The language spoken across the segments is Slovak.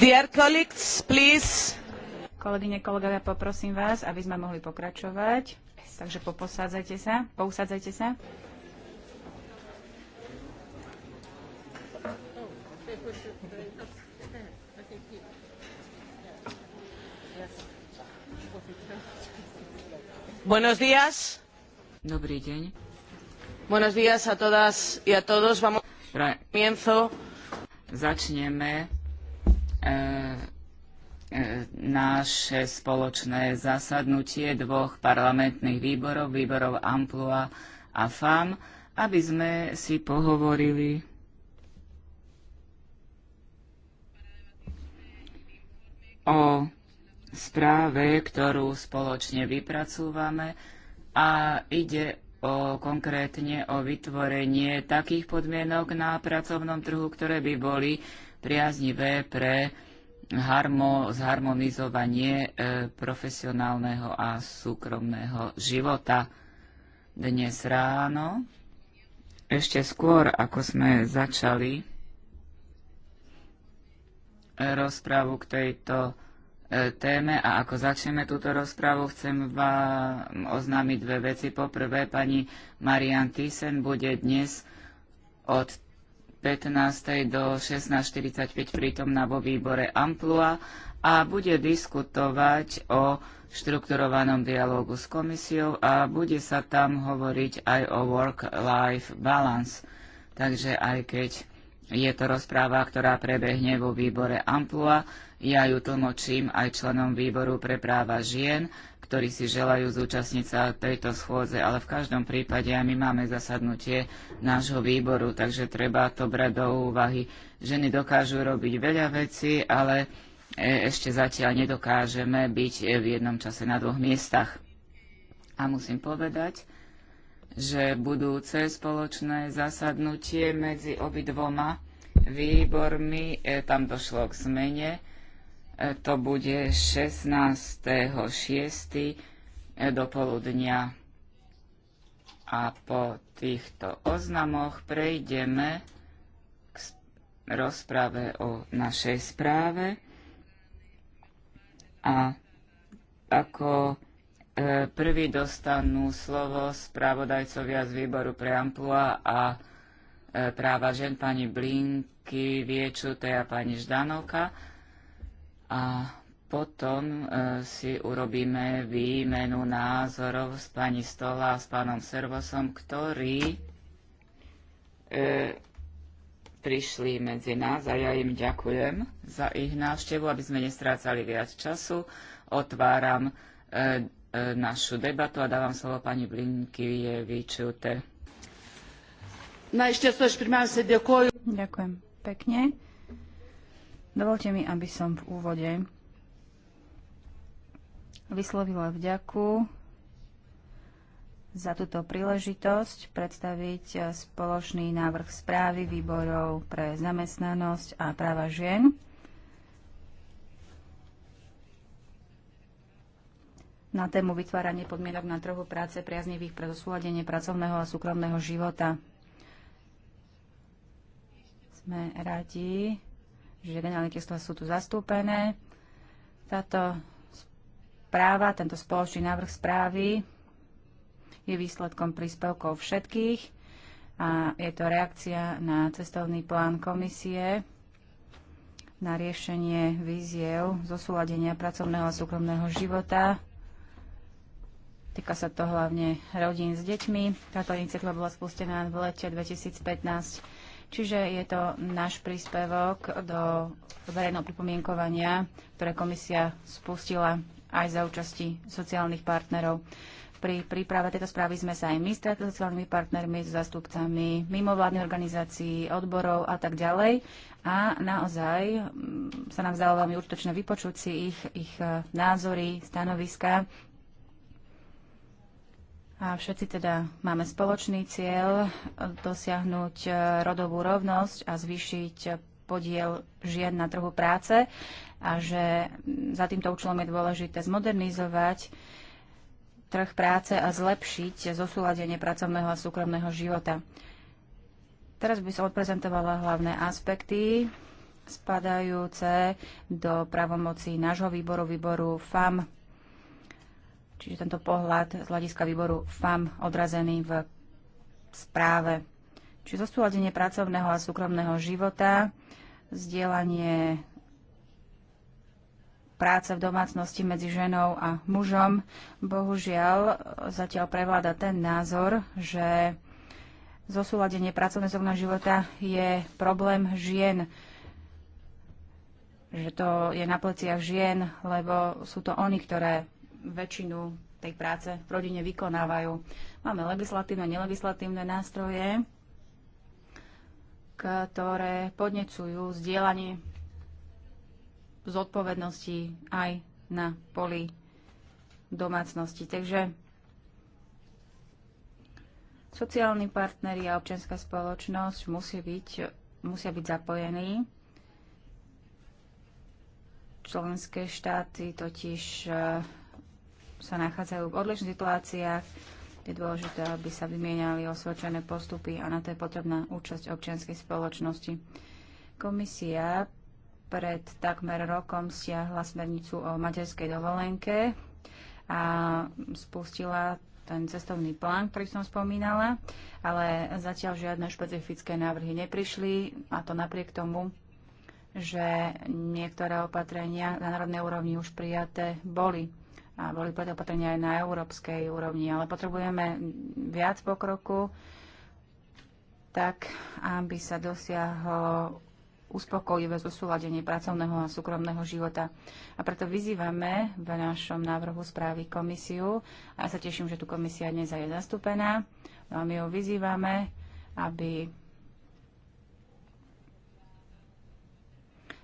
Dear colleagues, please. Kolegyne, kolegovia, poprosím vás, aby sme mohli pokračovať. Takže poposádzajte sa, pousádzajte sa. Buenos días. Dobrý deň. Buenos días a todas y a todos. Vamos. Comienzo. Začneme E, e, naše spoločné zasadnutie dvoch parlamentných výborov, výborov Amplua a FAM, aby sme si pohovorili o správe, ktorú spoločne vypracúvame a ide o konkrétne o vytvorenie takých podmienok na pracovnom trhu, ktoré by boli priaznivé pre harmo, zharmonizovanie e, profesionálneho a súkromného života. Dnes ráno, ešte skôr ako sme začali e, rozprávu k tejto e, téme a ako začneme túto rozprávu, chcem vám oznámiť dve veci. Poprvé, pani Marian Thyssen bude dnes od 15. do 16.45 prítomná vo výbore Amplua a bude diskutovať o štrukturovanom dialógu s komisiou a bude sa tam hovoriť aj o work-life balance. Takže aj keď je to rozpráva, ktorá prebehne vo výbore Amplua, ja ju tlmočím aj členom výboru pre práva žien ktorí si želajú zúčastniť sa tejto schôdze, ale v každom prípade aj my máme zasadnutie nášho výboru, takže treba to brať do úvahy. Ženy dokážu robiť veľa vecí, ale e, ešte zatiaľ nedokážeme byť e, v jednom čase na dvoch miestach. A musím povedať, že budúce spoločné zasadnutie medzi obidvoma výbormi, e, tam došlo k zmene, to bude 16.6. do poludnia. A po týchto oznamoch prejdeme k rozprave o našej správe. A ako e, prvý dostanú slovo správodajcovia z výboru pre amplua a e, práva žen pani Blinky, Viečutej a pani Ždanovka a potom e, si urobíme výmenu názorov s pani Stola a s pánom Servosom, ktorí e, prišli medzi nás a ja im ďakujem za ich návštevu, aby sme nestrácali viac času. Otváram e, e, našu debatu a dávam slovo pani Blinky Blinkievičiute. Ďakujem pekne. Dovolte mi, aby som v úvode vyslovila vďaku za túto príležitosť predstaviť spoločný návrh správy výborov pre zamestnanosť a práva žien. na tému vytváranie podmienok na trhu práce priaznivých pre zosúladenie pracovného a súkromného života. Sme radi, že generálne tiesla sú tu zastúpené. Táto správa, tento spoločný návrh správy je výsledkom príspevkov všetkých a je to reakcia na cestovný plán komisie na riešenie víziev zosúladenia pracovného a súkromného života. Týka sa to hlavne rodín s deťmi. Táto iniciatíva bola spustená v lete 2015 Čiže je to náš príspevok do verejného pripomienkovania, ktoré komisia spustila aj za účasti sociálnych partnerov. Pri príprave tejto správy sme sa aj my stretli s sociálnymi partnermi, s zastupcami mimovládnych organizácií, odborov a tak ďalej. A naozaj mm, sa nám zdalo veľmi užitočné vypočuť si ich, ich eh, názory, stanoviska a všetci teda máme spoločný cieľ e, dosiahnuť e, rodovú rovnosť a zvýšiť podiel žien na trhu práce a že za týmto účelom je dôležité zmodernizovať trh práce a zlepšiť zosúladenie pracovného a súkromného života. Teraz by som odprezentovala hlavné aspekty spadajúce do pravomocí nášho výboru, výboru FAM Čiže tento pohľad z hľadiska výboru FAM odrazený v správe. Čiže zosúladenie pracovného a súkromného života, zdieľanie práce v domácnosti medzi ženou a mužom. Bohužiaľ, zatiaľ prevláda ten názor, že zosúladenie pracovného života je problém žien že to je na pleciach žien, lebo sú to oni, ktoré väčšinu tej práce v rodine vykonávajú. Máme legislatívne, nelegislatívne nástroje, ktoré podnecujú zdieľanie zodpovednosti aj na poli domácnosti. Takže sociálni partneri a občianská spoločnosť musí byť, musia byť zapojení. Členské štáty totiž eh, sa nachádzajú v odlišných situáciách. Je dôležité, aby sa vymieniali osvedčené postupy a na to je potrebná účasť občianskej spoločnosti. Komisia pred takmer rokom stiahla smernicu o materskej dovolenke a spustila ten cestovný plán, ktorý som spomínala, ale zatiaľ žiadne špecifické návrhy neprišli a to napriek tomu, že niektoré opatrenia na národnej úrovni už prijaté boli a boli preto opatrenia aj na európskej úrovni, ale potrebujeme viac pokroku, tak aby sa dosiahlo uspokojivé zosúladenie pracovného a súkromného života. A preto vyzývame v našom návrhu správy komisiu, a ja sa teším, že tu komisia dnes je zastúpená, no a my ju vyzývame, aby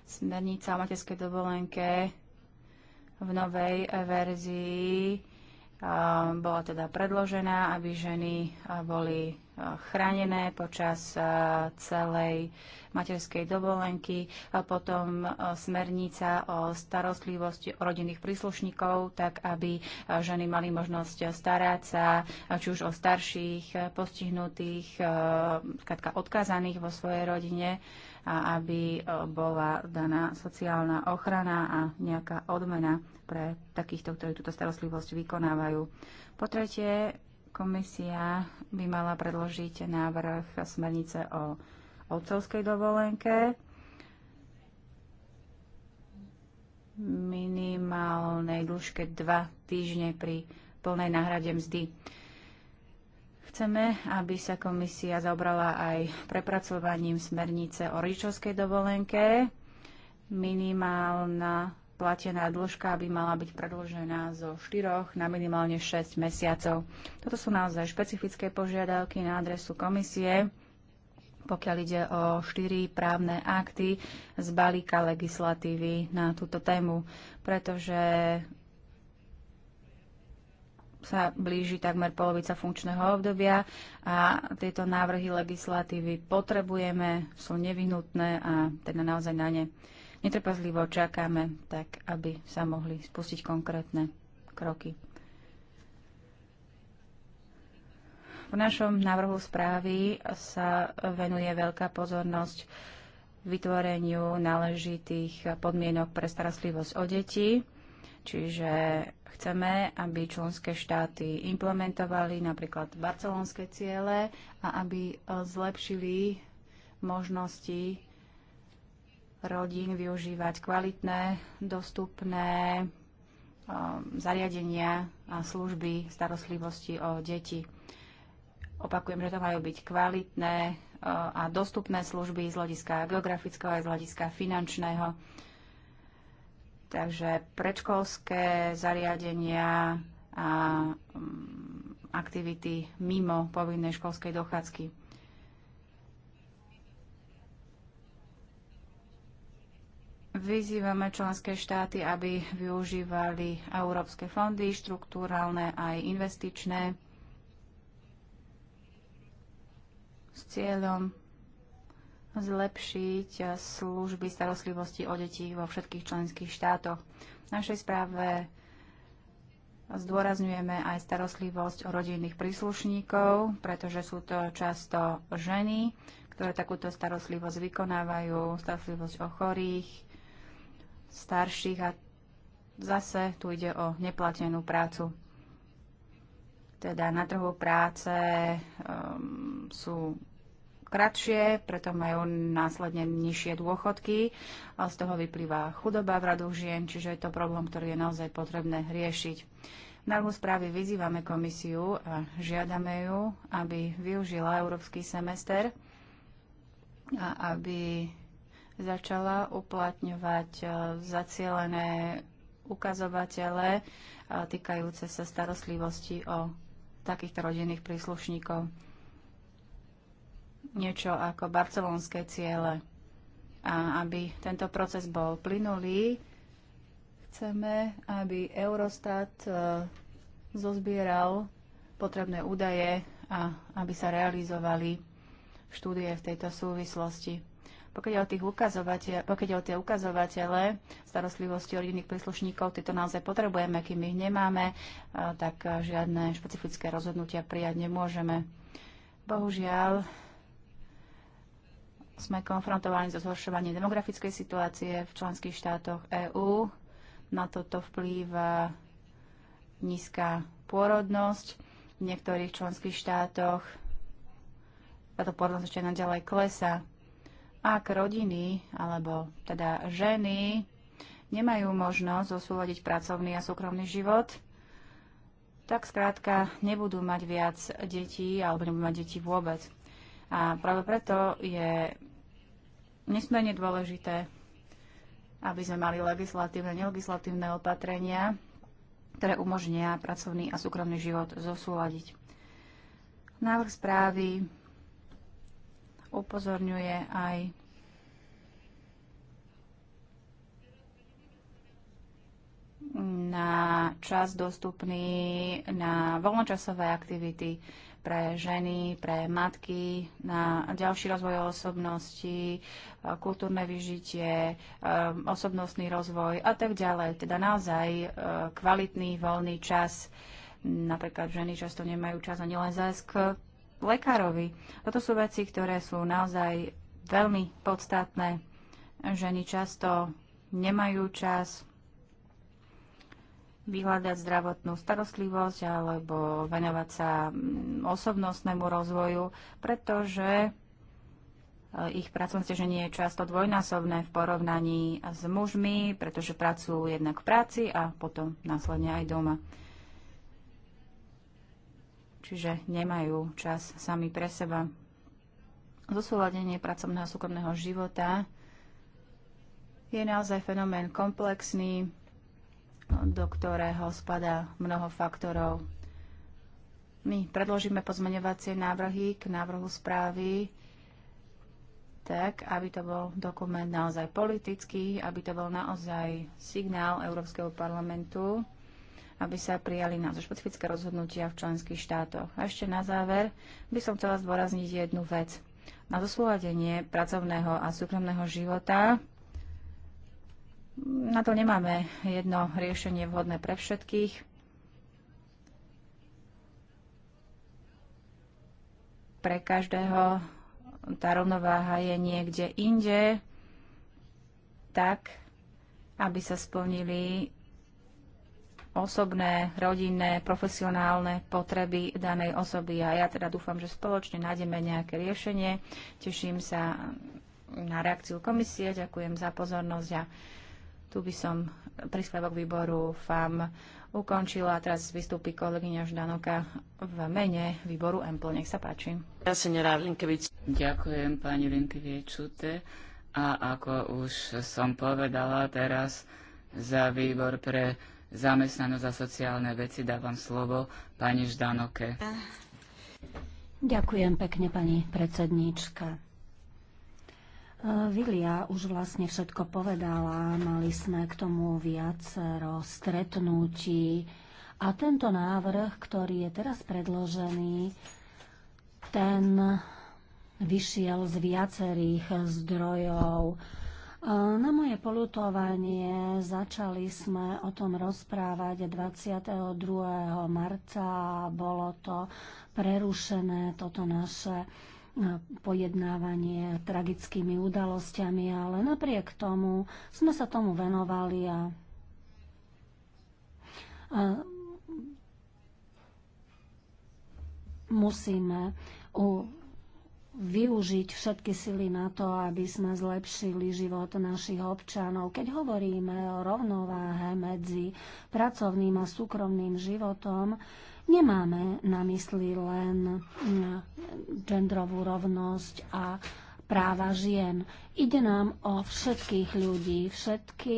smernica o materskej dovolenke v novej verzii bola teda predložená, aby ženy boli chránené počas celej materskej dovolenky, a potom smernica o starostlivosti o rodinných príslušníkov, tak aby ženy mali možnosť starať sa či už o starších, postihnutých, odkázaných vo svojej rodine a aby e, bola daná sociálna ochrana a nejaká odmena pre takýchto, ktorí túto starostlivosť vykonávajú. Po tretie, komisia by mala predložiť návrh smernice o otcovskej dovolenke, minimálnej dĺžke 2 týždne pri plnej náhrade mzdy. Chceme, aby sa komisia zaobrala aj prepracovaním smernice o rodičovskej dovolenke. Minimálna platená dĺžka by mala byť predložená zo 4 na minimálne 6 mesiacov. Toto sú naozaj špecifické požiadavky na adresu komisie, pokiaľ ide o 4 právne akty z balíka legislatívy na túto tému, pretože sa blíži takmer polovica funkčného obdobia a tieto návrhy legislatívy potrebujeme, sú nevyhnutné a teda naozaj na ne netrpazlivo čakáme, tak aby sa mohli spustiť konkrétne kroky. V našom návrhu správy sa venuje veľká pozornosť vytvoreniu náležitých podmienok pre starostlivosť o deti Čiže chceme, aby členské štáty implementovali napríklad barcelonské ciele a aby e, zlepšili možnosti rodín využívať kvalitné, dostupné e, zariadenia a služby starostlivosti o deti. Opakujem, že to majú byť kvalitné e, a dostupné služby z hľadiska geografického aj z hľadiska finančného Takže predškolské zariadenia a mm, aktivity mimo povinnej školskej dochádzky. Vyzývame členské štáty, aby využívali európske fondy, štruktúralne aj investičné, s cieľom zlepšiť služby starostlivosti o deti vo všetkých členských štátoch. V našej správe zdôrazňujeme aj starostlivosť o rodinných príslušníkov, pretože sú to často ženy, ktoré takúto starostlivosť vykonávajú, starostlivosť o chorých, starších a zase tu ide o neplatenú prácu teda na trhu práce um, sú kratšie, preto majú následne nižšie dôchodky. A z toho vyplýva chudoba v radoch žien, čiže je to problém, ktorý je naozaj potrebné riešiť. Na správy vyzývame komisiu a žiadame ju, aby využila európsky semester a aby začala uplatňovať e, zacielené ukazovatele e, týkajúce sa starostlivosti o takýchto rodinných príslušníkov niečo ako barcelonské ciele. A aby tento proces bol plynulý, chceme, aby Eurostat e, zozbieral potrebné údaje a aby sa realizovali štúdie v tejto súvislosti. Pokiaľ o, tých ukazovateľ, pokiaľ o tie ukazovatele starostlivosti o rodinných príslušníkov, tieto naozaj potrebujeme, kým ich nemáme, e, tak žiadne špecifické rozhodnutia prijať nemôžeme. Bohužiaľ, sme konfrontovaní so zhoršovaním demografickej situácie v členských štátoch EÚ. Na toto vplýva nízka pôrodnosť. V niektorých členských štátoch táto pôrodnosť ešte naďalej klesa. Ak rodiny, alebo teda ženy, nemajú možnosť zosúľadiť pracovný a súkromný život, tak skrátka nebudú mať viac detí alebo nebudú mať deti vôbec. A práve preto je nesmierne dôležité, aby sme mali legislatívne, nelegislatívne opatrenia, ktoré umožnia pracovný a súkromný život zosúľadiť. Návrh správy upozorňuje aj na čas dostupný na voľnočasové aktivity, pre ženy, pre matky, na ďalší rozvoj osobnosti, e, kultúrne vyžitie, e, osobnostný rozvoj a tak ďalej. Teda naozaj e, kvalitný voľný čas. Napríklad ženy často nemajú čas ani len zájsť k lekárovi. Toto sú veci, ktoré sú naozaj veľmi podstatné. Ženy často nemajú čas vyhľadať zdravotnú starostlivosť alebo venovať sa mm, osobnostnému rozvoju, pretože e, ich pracovné stiaženie je často dvojnásobné v porovnaní s mužmi, pretože pracujú jednak v práci a potom následne aj doma. Čiže nemajú čas sami pre seba. Zosúladenie pracovného a súkromného života je naozaj fenomén komplexný, do ktorého spadá mnoho faktorov. My predložíme pozmeňovacie návrhy k návrhu správy tak, aby to bol dokument naozaj politický, aby to bol naozaj signál Európskeho parlamentu, aby sa prijali naozaj špecifické rozhodnutia v členských štátoch. A ešte na záver by som chcela zdôrazniť jednu vec. Na zosúladenie pracovného a súkromného života na to nemáme jedno riešenie vhodné pre všetkých. Pre každého tá rovnováha je niekde inde, tak, aby sa splnili osobné, rodinné, profesionálne potreby danej osoby. A ja teda dúfam, že spoločne nájdeme nejaké riešenie. Teším sa na reakciu komisie. Ďakujem za pozornosť a tu by som príspevok výboru FAM ukončila. Teraz vystúpi kolegyňa Ždanoka v mene výboru EMPL. Nech sa páči. Ďakujem pani Linkeviečute. A ako už som povedala, teraz za výbor pre zamestnanosť a sociálne veci dávam slovo pani Ždanoke. Ďakujem pekne, pani predsedníčka. E, Vilia už vlastne všetko povedala, mali sme k tomu viacero stretnutí a tento návrh, ktorý je teraz predložený, ten vyšiel z viacerých zdrojov. E, Na moje polutovanie začali sme o tom rozprávať 22. marca. Bolo to prerušené, toto naše pojednávanie tragickými udalosťami, ale napriek tomu sme sa tomu venovali a, a musíme u, využiť všetky sily na to, aby sme zlepšili život našich občanov. Keď hovoríme o rovnováhe medzi pracovným a súkromným životom, Nemáme na mysli len mm, genderovú rovnosť a práva žien. Ide nám o všetkých ľudí, všetky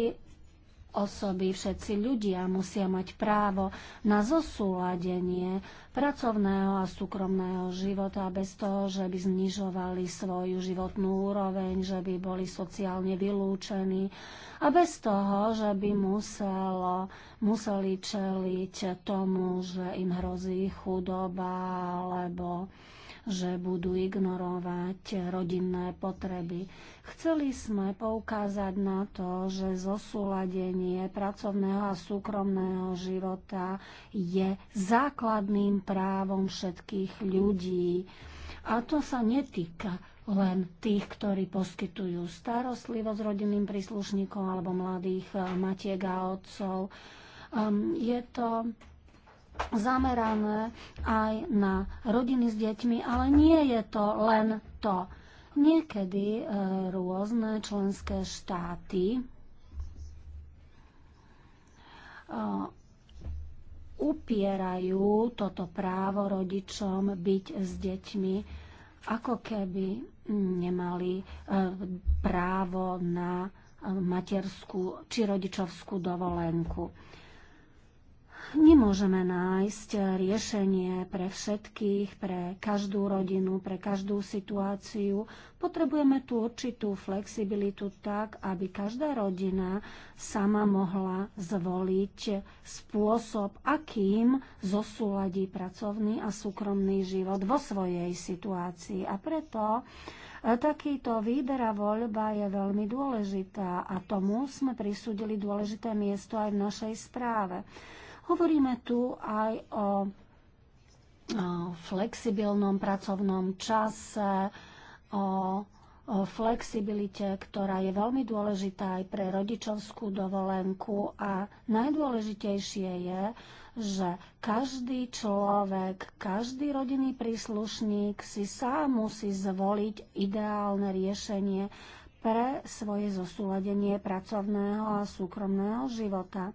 osoby, všetci ľudia musia mať právo na zosúladenie pracovného a súkromného života bez toho, že by znižovali svoju životnú úroveň, že by boli sociálne vylúčení a bez toho, že by muselo, museli čeliť tomu, že im hrozí chudoba alebo že budú ignorovať rodinné potreby. Chceli sme poukázať na to, že zosúladenie pracovného a súkromného života je základným právom všetkých ľudí. A to sa netýka len tých, ktorí poskytujú starostlivosť rodinným príslušníkom alebo mladých matiek a otcov. Um, je to zamerané aj na rodiny s deťmi, ale nie je to len to. Niekedy e, rôzne členské štáty e, upierajú toto právo rodičom byť s deťmi, ako keby nemali e, právo na e, materskú či rodičovskú dovolenku. Nemôžeme nájsť riešenie pre všetkých, pre každú rodinu, pre každú situáciu. Potrebujeme tú určitú flexibilitu tak, aby každá rodina sama mohla zvoliť spôsob, akým zosúladí pracovný a súkromný život vo svojej situácii. A preto e, Takýto výber a voľba je veľmi dôležitá a tomu sme prisúdili dôležité miesto aj v našej správe. Hovoríme tu aj o flexibilnom pracovnom čase, o flexibilite, ktorá je veľmi dôležitá aj pre rodičovskú dovolenku a najdôležitejšie je, že každý človek, každý rodinný príslušník si sám musí zvoliť ideálne riešenie pre svoje zosúladenie pracovného a súkromného života.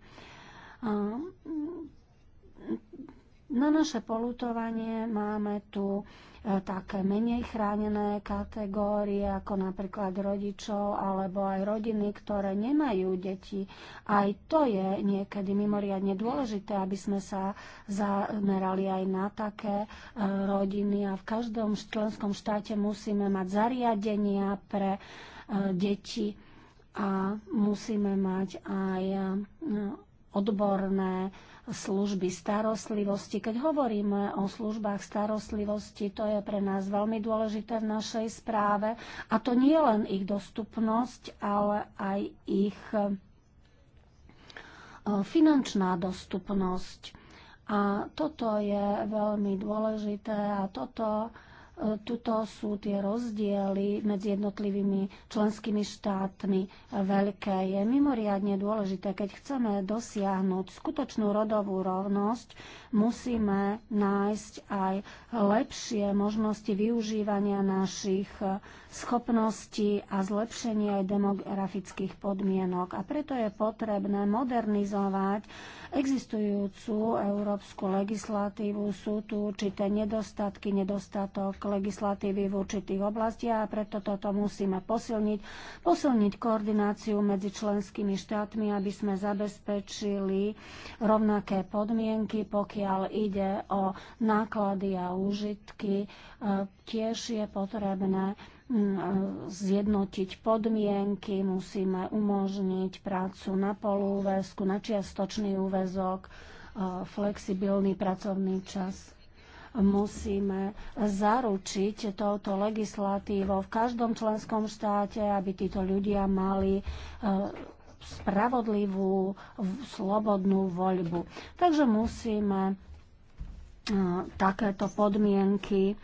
Mm, na naše polutovanie máme tu e, také menej chránené kategórie, ako napríklad rodičov alebo aj rodiny, ktoré nemajú deti. Aj to je niekedy mimoriadne dôležité, aby sme sa zamerali aj na také e, rodiny a v každom členskom štáte musíme mať zariadenia pre e, deti a musíme mať aj odborné služby starostlivosti. Keď hovoríme o službách starostlivosti, to je pre nás veľmi dôležité v našej správe. A to nie len ich dostupnosť, ale aj ich e, finančná dostupnosť. A toto je veľmi dôležité a toto E, tuto sú tie rozdiely medzi jednotlivými členskými štátmi veľké. Je mimoriadne dôležité, keď chceme dosiahnuť skutočnú rodovú rovnosť, musíme nájsť aj lepšie možnosti využívania našich e, schopností a zlepšenia aj demografických podmienok. A preto je potrebné modernizovať existujúcu európsku legislatívu. Sú tu určité nedostatky, nedostatok legislatívy v určitých oblastiach a preto toto musíme posilniť. Posilniť koordináciu medzi členskými štátmi, aby sme zabezpečili rovnaké podmienky, pokiaľ ide o náklady a úžitky. E, tiež je potrebné e, zjednotiť podmienky, musíme umožniť prácu na polúvesku, na čiastočný úvesku záväzok, e, flexibilný pracovný čas musíme zaručiť touto legislatívou v každom členskom štáte, aby títo ľudia mali e, spravodlivú, slobodnú voľbu. Takže musíme e, takéto podmienky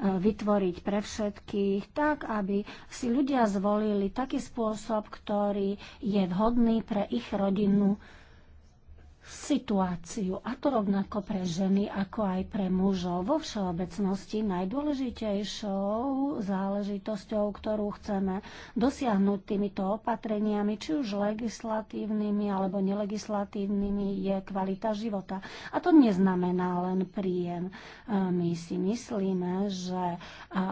vytvoriť pre všetkých, tak aby si ľudia zvolili taký spôsob, ktorý je vhodný pre ich rodinu situáciu, a to rovnako pre ženy, ako aj pre mužov. Vo všeobecnosti najdôležitejšou záležitosťou, ktorú chceme dosiahnuť týmito opatreniami, či už legislatívnymi alebo nelegislatívnymi, je kvalita života. A to neznamená len príjem. E, my si myslíme, že e,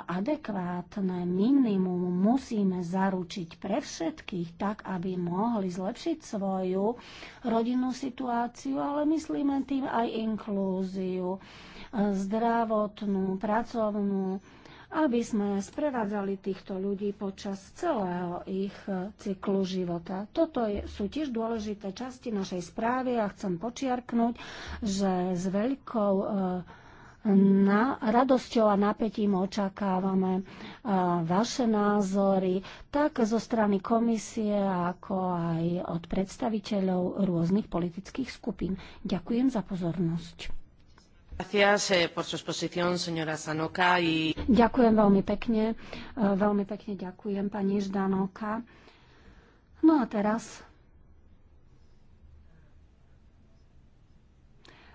adekvátne minimum musíme zaručiť pre všetkých, tak aby mohli zlepšiť svoju rodinnú situáciu integráciu, ale myslíme tým aj inklúziu, zdravotnú, pracovnú, aby sme sprevádzali týchto ľudí počas celého ich eh, cyklu života. Toto je, sú tiež dôležité časti našej správy a chcem počiarknúť, že s veľkou e, na, radosťou a napätím očakávame vaše názory, tak zo strany komisie, ako aj od predstaviteľov rôznych politických skupín. Ďakujem za pozornosť. Eh, ďakujem veľmi pekne. E, veľmi pekne ďakujem, pani Ždanoka. No a teraz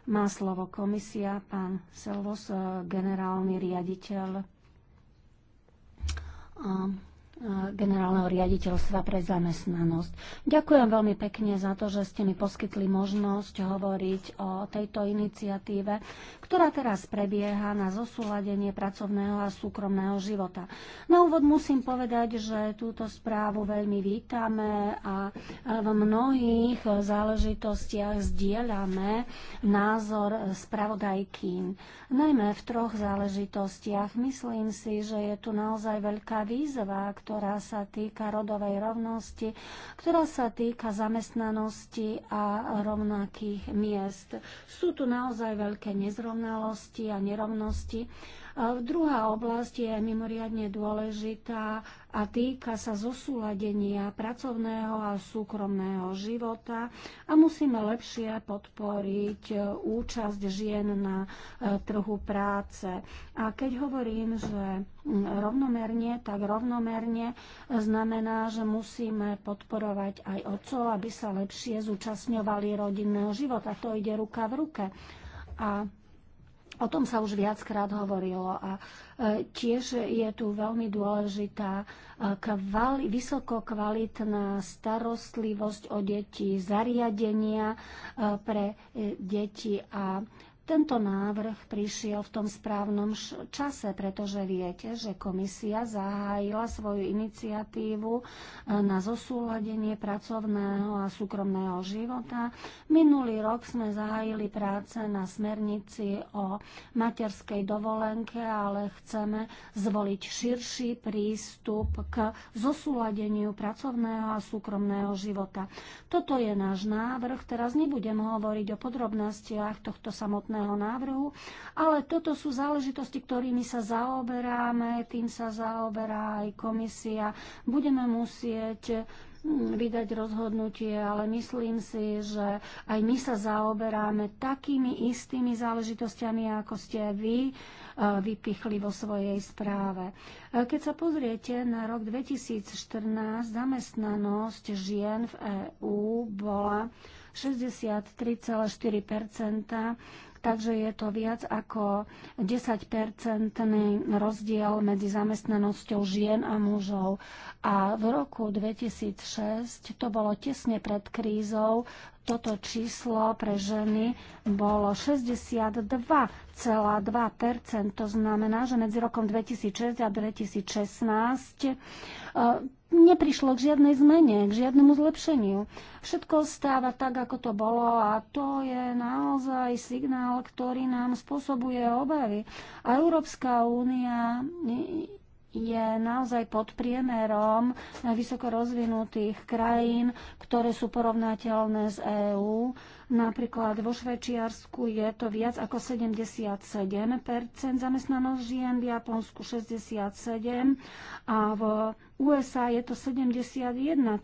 Má slovo komisia, pán Selvos, eh, generálny riaditeľ generálneho riaditeľstva pre zamestnanosť. Ďakujem veľmi pekne za to, že ste mi poskytli možnosť hovoriť o tejto iniciatíve, ktorá teraz prebieha na zosúladenie pracovného a súkromného života. Na úvod musím povedať, že túto správu veľmi vítame a v mnohých záležitostiach zdieľame názor spravodajky, Najmä v troch záležitostiach. Myslím si, že je tu naozaj veľká výzva, ktorá sa týka rodovej rovnosti, ktorá sa týka zamestnanosti a rovnakých miest. Sú tu naozaj veľké nezrovnalosti a nerovnosti Druhá oblasť je mimoriadne dôležitá a týka sa zosúladenia pracovného a súkromného života a musíme lepšie podporiť e, účasť žien na e, trhu práce. A keď hovorím, že rovnomerne, tak rovnomerne znamená, že musíme podporovať aj otcov, aby sa lepšie zúčastňovali rodinného života. To ide ruka v ruke. A O tom sa už viackrát hovorilo a e, tiež je tu veľmi dôležitá e, kvali, vysokokvalitná starostlivosť o deti, zariadenia e, pre deti a tento návrh prišiel v tom správnom čase, pretože viete, že komisia zahájila svoju iniciatívu e, na zosúladenie pracovného a súkromného života. Minulý rok sme zahájili práce na smernici o materskej dovolenke, ale chceme zvoliť širší prístup k zosúladeniu pracovného a súkromného života. Toto je náš návrh. Teraz nebudem hovoriť o podrobnostiach tohto samotného samotného návrhu, ale toto sú záležitosti, ktorými sa zaoberáme, tým sa zaoberá aj komisia. Budeme musieť mm, vydať rozhodnutie, ale myslím si, že aj my sa zaoberáme takými istými záležitostiami, ako ste vy e, vypichli vo svojej správe. E, keď sa pozriete na rok 2014, zamestnanosť žien v EÚ bola 63,4 takže je to viac ako 10-percentný rozdiel medzi zamestnanosťou žien a mužov. A v roku 2006, to bolo tesne pred krízou, toto číslo pre ženy bolo 62,2 To znamená, že medzi rokom 2006 a 2016 e, neprišlo k žiadnej zmene, k žiadnemu zlepšeniu. Všetko stáva tak, ako to bolo a to je naozaj signál, ktorý nám spôsobuje obavy. A Európska únia je naozaj pod priemerom vysoko rozvinutých krajín, ktoré sú porovnateľné s EÚ Napríklad vo Švečiarsku je to viac ako 77% zamestnanosť žien, v Japonsku 67% a v USA je to 71,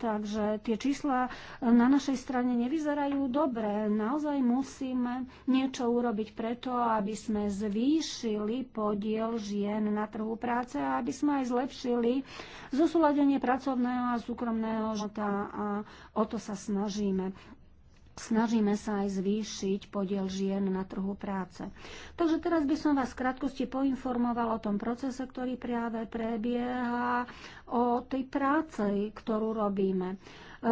takže tie čísla eh, na našej strane nevyzerajú dobre. Naozaj musíme niečo urobiť preto, aby sme zvýšili podiel žien na trhu práce a aby sme aj zlepšili zosúladenie pracovného a súkromného života a o to sa snažíme snažíme sa aj zvýšiť podiel žien na trhu práce. Takže teraz by som vás v krátkosti poinformoval o tom procese, ktorý práve prebieha, o tej práci, ktorú robíme.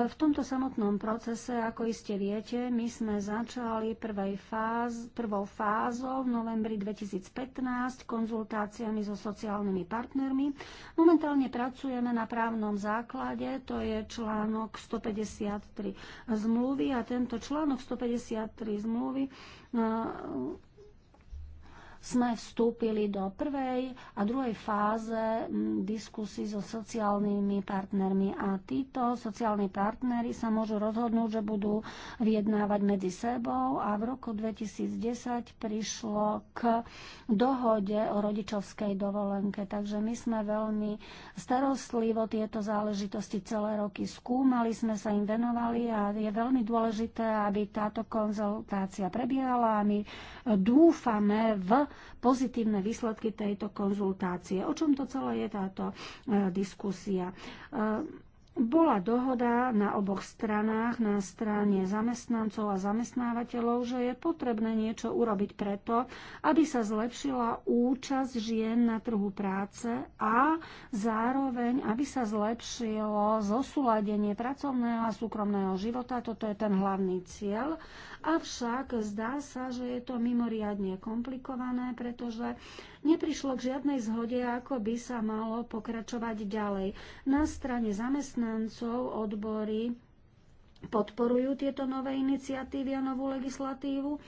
V tomto samotnom procese, ako iste viete, my sme začali prvej fáz, prvou fázou v novembri 2015 konzultáciami so sociálnymi partnermi. Momentálne pracujeme na právnom základe, to je článok 153 zmluvy a tento článok 153 zmluvy sme vstúpili do prvej a druhej fáze diskusí so sociálnymi partnermi a títo sociálni partnery sa môžu rozhodnúť, že budú vyjednávať medzi sebou a v roku 2010 prišlo k dohode o rodičovskej dovolenke. Takže my sme veľmi starostlivo tieto záležitosti celé roky skúmali, sme sa im venovali a je veľmi dôležité, aby táto konzultácia prebiehala a my dúfame v pozitívne výsledky tejto konzultácie. O čom to celé je táto e, diskusia? E, bola dohoda na oboch stranách, na strane zamestnancov a zamestnávateľov, že je potrebné niečo urobiť preto, aby sa zlepšila účasť žien na trhu práce a zároveň, aby sa zlepšilo zosúladenie pracovného a súkromného života. Toto je ten hlavný cieľ. Avšak zdá sa, že je to mimoriadne komplikované, pretože neprišlo k žiadnej zhode, ako by sa malo pokračovať ďalej. Na strane zamestnancov odbory podporujú tieto nové iniciatívy a novú legislatívu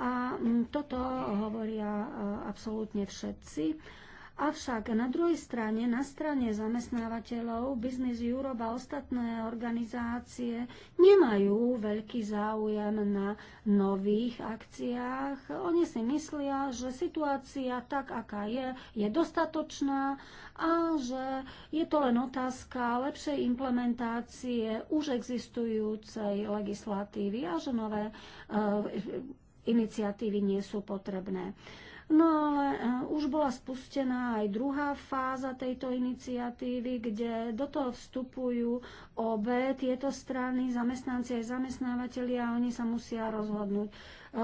a toto hovoria e, absolútne všetci. Avšak na druhej strane, na strane zamestnávateľov, Business Europe a ostatné organizácie nemajú veľký záujem na nových akciách. Oni si myslia, že situácia tak, aká je, je dostatočná a že je to len otázka lepšej implementácie už existujúcej legislatívy a že nové uh, iniciatívy nie sú potrebné. Uh, No ale e, už bola spustená aj druhá fáza tejto iniciatívy, kde do toho vstupujú obe tieto strany, zamestnanci aj zamestnávateľi a oni sa musia rozhodnúť. E,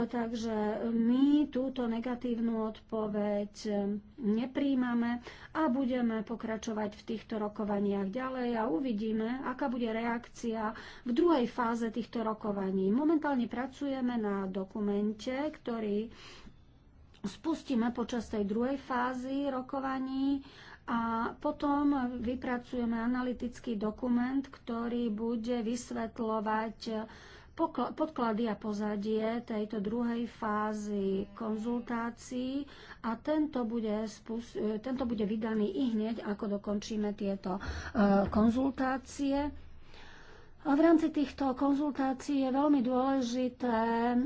takže my túto negatívnu odpoveď e, nepríjmame a budeme pokračovať v týchto rokovaniach ďalej a uvidíme, aká bude reakcia v druhej fáze týchto rokovaní. Momentálne pracujeme na dokumente, ktorý spustíme počas tej druhej fázy rokovaní a potom vypracujeme analytický dokument, ktorý bude vysvetľovať podklady a pozadie tejto druhej fázy konzultácií a tento bude, spus- e, tento bude vydaný i hneď, ako dokončíme tieto e, konzultácie. A v rámci týchto konzultácií je veľmi dôležité,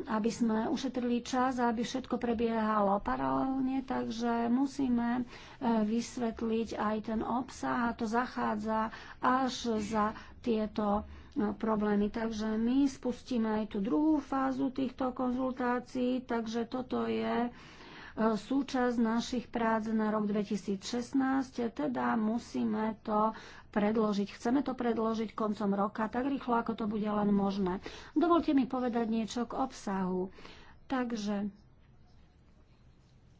aby sme ušetrili čas a aby všetko prebiehalo paralelne, takže musíme e, vysvetliť aj ten obsah a to zachádza až za tieto e, problémy. Takže my spustíme aj tú druhú fázu týchto konzultácií, takže toto je e, súčasť našich prác na rok 2016, teda musíme to predložiť. Chceme to predložiť koncom roka, tak rýchlo, ako to bude len možné. Dovolte mi povedať niečo k obsahu. Takže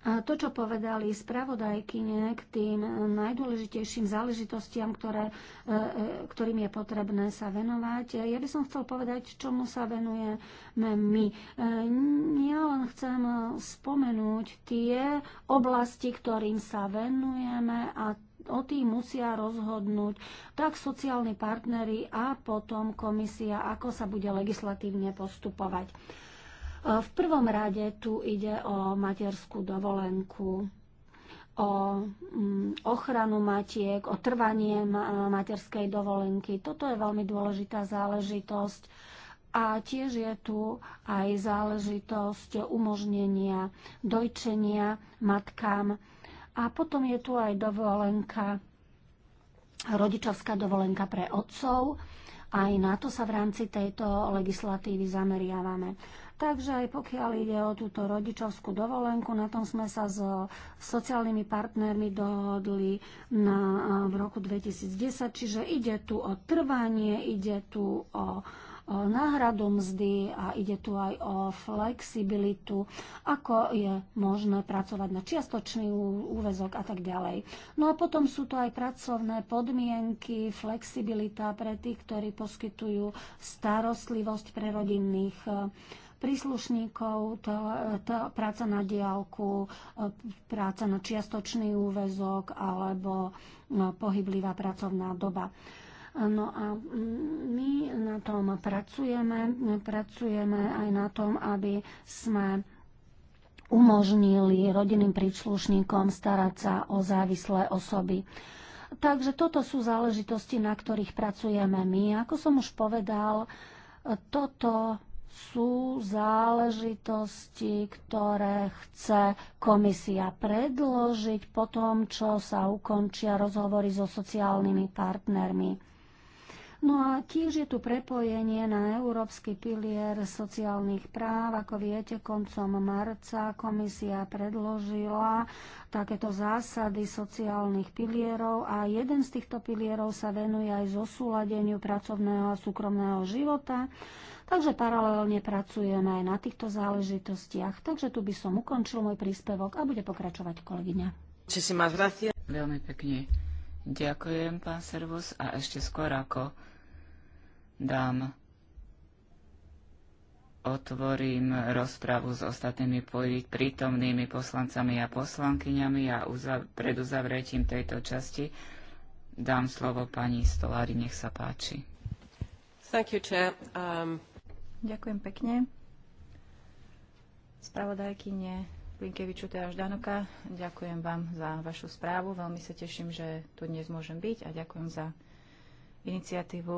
to, čo povedali spravodajkyne k tým najdôležitejším záležitostiam, ktoré, e, e, ktorým je potrebné sa venovať, ja by som chcel povedať, čomu sa venujeme my. Ja e, len chcem spomenúť tie oblasti, ktorým sa venujeme a o tým musia rozhodnúť tak sociálni partnery a potom komisia, ako sa bude legislatívne postupovať. E, v prvom rade tu ide o materskú dovolenku, o mm, ochranu matiek, o trvanie materskej dovolenky. Toto je veľmi dôležitá záležitosť. A tiež je tu aj záležitosť umožnenia dojčenia matkám a potom je tu aj dovolenka, rodičovská dovolenka pre otcov. Aj na to sa v rámci tejto legislatívy zameriavame. Takže aj pokiaľ ide o túto rodičovskú dovolenku, na tom sme sa so sociálnymi partnermi dohodli na, v roku 2010, čiže ide tu o trvanie, ide tu o náhradu mzdy a ide tu aj o flexibilitu, ako je možné pracovať na čiastočný úvezok a tak ďalej. No a potom sú tu aj pracovné podmienky, flexibilita pre tých, ktorí poskytujú starostlivosť pre rodinných e, príslušníkov, tá, tá práca na diálku, e, práca na čiastočný úvezok alebo e, pohyblivá pracovná doba. No a mm, my na tom pracujeme, pracujeme aj na tom, aby sme umožnili rodinným príslušníkom starať sa o závislé osoby. Takže toto sú záležitosti, na ktorých pracujeme my. Ako som už povedal, toto sú záležitosti, ktoré chce komisia predložiť po tom, čo sa ukončia rozhovory so sociálnymi partnermi. No a tiež je tu prepojenie na Európsky pilier sociálnych práv. Ako viete, koncom marca komisia predložila takéto zásady sociálnych pilierov a jeden z týchto pilierov sa venuje aj zosúladeniu pracovného a súkromného života. Takže paralelne pracujeme aj na týchto záležitostiach. Takže tu by som ukončil môj príspevok a bude pokračovať kolegyňa. Veľmi pekne. Ďakujem, pán Servus, a ešte skôr ako dám otvorím rozpravu s ostatnými prítomnými poslancami a poslankyňami a uzav- pred uzavretím tejto časti dám slovo pani Stolári, nech sa páči. Thank you, chair. Um... Ďakujem pekne. Spravodajkyne Blinkeviču až Ždanoka, ďakujem vám za vašu správu. Veľmi sa teším, že tu dnes môžem byť a ďakujem za iniciatívu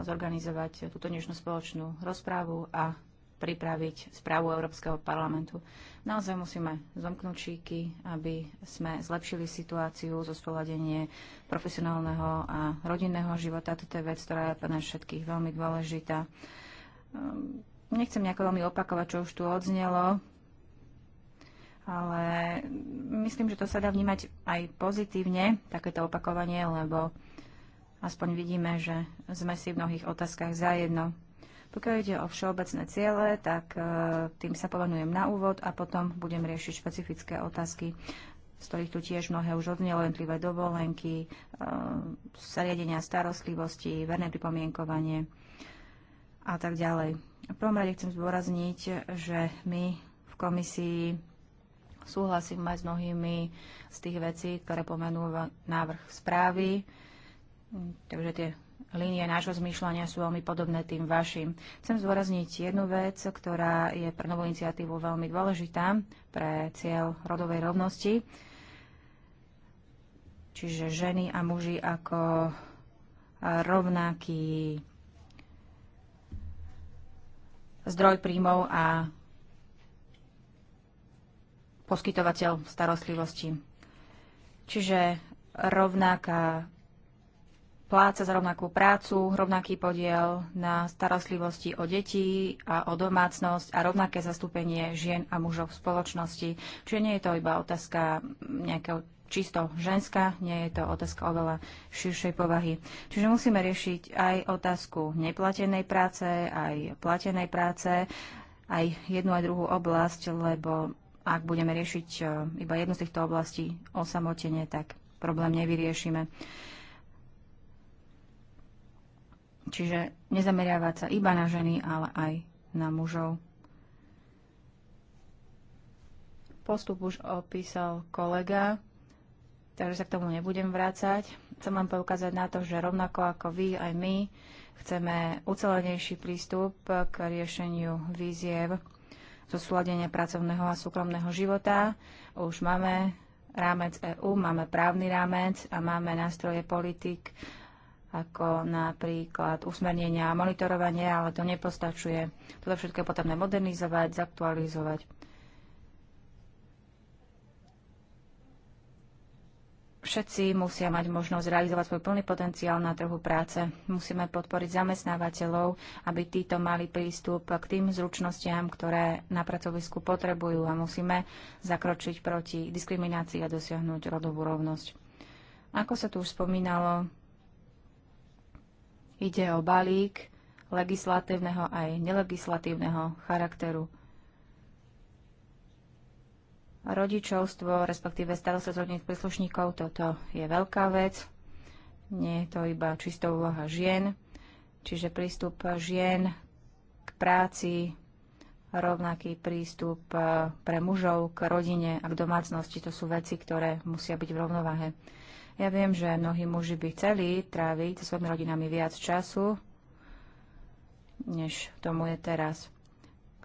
zorganizovať túto dnešnú spoločnú rozprávu a pripraviť správu Európskeho parlamentu. Naozaj musíme zomknúť šíky, aby sme zlepšili situáciu, zospoladenie profesionálneho a rodinného života. Toto je vec, ktorá je pre nás všetkých veľmi dôležitá. Ehm, nechcem nejako veľmi opakovať, čo už tu odznelo, ale myslím, že to sa dá vnímať aj pozitívne, takéto opakovanie, lebo aspoň vidíme, že sme si v mnohých otázkach zajedno. Pokiaľ ide o všeobecné ciele, tak e, tým sa povenujem na úvod a potom budem riešiť špecifické otázky, z ktorých tu tiež mnohé už odnelo, jednotlivé dovolenky, e, zariadenia starostlivosti, verné pripomienkovanie a tak ďalej. V prvom rade chcem zdôrazniť, že my v komisii súhlasíme s mnohými z tých vecí, ktoré pomenú návrh správy Hm, takže tie línie nášho zmýšľania sú veľmi podobné tým vašim. Chcem zdôrazniť jednu vec, ktorá je pre novú iniciatívu veľmi dôležitá pre cieľ rodovej rovnosti. Čiže ženy a muži ako rovnaký zdroj príjmov a poskytovateľ starostlivosti. Čiže rovnaká pláca za rovnakú prácu, rovnaký podiel na starostlivosti o deti a o domácnosť a rovnaké zastúpenie žien a mužov v spoločnosti. Čiže nie je to iba otázka nejakého čisto ženská, nie je to otázka oveľa širšej povahy. Čiže musíme riešiť aj otázku neplatenej práce, aj platenej práce, aj jednu aj druhú oblasť, lebo ak budeme riešiť e, iba jednu z týchto oblastí osamotene, tak problém nevyriešime. Čiže nezameriavať sa iba na ženy, ale aj na mužov. Postup už opísal kolega, takže sa k tomu nebudem vrácať. Chcem vám poukázať na to, že rovnako ako vy, aj my chceme ucelenejší prístup k riešeniu víziev súladenia pracovného a súkromného života. Už máme rámec EÚ, máme právny rámec a máme nástroje politik ako napríklad usmernenia a monitorovanie, ale to nepostačuje. Toto všetko je potrebné modernizovať, zaktualizovať. Všetci musia mať možnosť realizovať svoj plný potenciál na trhu práce. Musíme podporiť zamestnávateľov, aby títo mali prístup k tým zručnostiam, ktoré na pracovisku potrebujú a musíme zakročiť proti diskriminácii a dosiahnuť rodovú rovnosť. Ako sa tu už spomínalo, Ide o balík legislatívneho aj nelegislatívneho charakteru. Rodičovstvo, respektíve starostlivosť príslušníkov, toto je veľká vec. Nie je to iba čistá úloha žien, čiže prístup žien k práci, rovnaký prístup eh, pre mužov k rodine a k domácnosti. To sú veci, ktoré musia byť v rovnováhe. Ja viem, že mnohí muži by chceli tráviť so svojimi rodinami viac času, než tomu je teraz.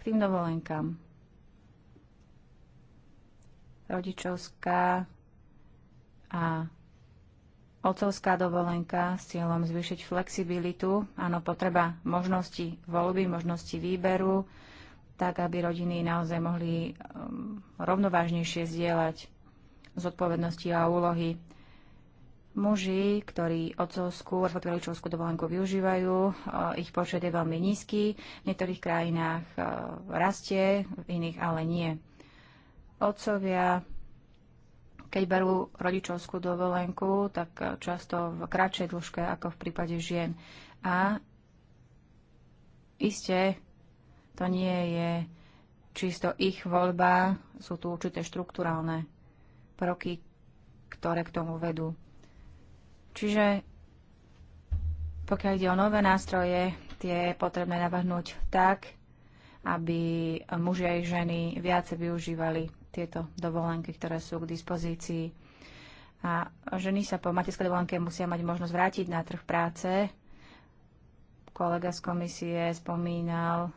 K tým dovolenkám. Rodičovská a otcovská dovolenka s cieľom zvýšiť flexibilitu, áno, potreba možnosti voľby, možnosti výberu, tak aby rodiny naozaj mohli um, rovnovážnejšie zdieľať zodpovednosti a úlohy. Muži, ktorí otcovskú, a rodičovskú dovolenku využívajú, eh, ich počet je veľmi nízky. V niektorých krajinách eh, rastie, v iných ale nie. Otcovia, keď berú rodičovskú dovolenku, tak eh, často v kratšej dĺžke ako v prípade žien. A iste to nie je čisto ich voľba, sú tu určité štruktúralne proky, ktoré k tomu vedú. Čiže pokiaľ ide o nové nástroje, tie je potrebné navrhnúť tak, aby muži aj ženy viacej využívali tieto dovolenky, ktoré sú k dispozícii. A ženy sa po materskej dovolenke musia mať možnosť vrátiť na trh práce. Kolega z komisie spomínal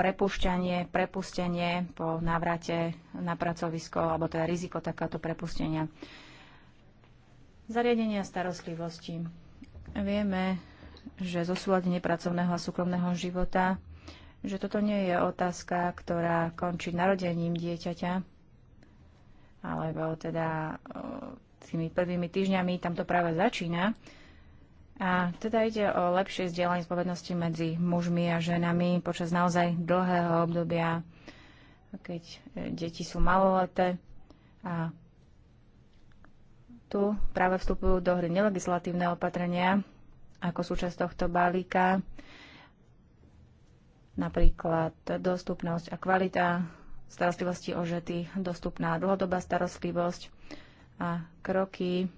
prepušťanie, prepustenie po návrate na pracovisko, alebo teda riziko takéhoto prepustenia. Zariadenia starostlivosti. Vieme, že zosúladenie pracovného a súkromného života, že toto nie je otázka, ktorá končí narodením dieťaťa, alebo teda e, tými prvými týždňami tam to práve začína. A teda ide o lepšie vzdielanie spovednosti medzi mužmi a ženami počas naozaj dlhého obdobia, keď e, deti sú maloleté a tu práve vstupujú do hry nelegislatívne opatrenia ako súčasť tohto balíka, napríklad dostupnosť a kvalita starostlivosti o žety, dostupná dlhodobá starostlivosť a kroky,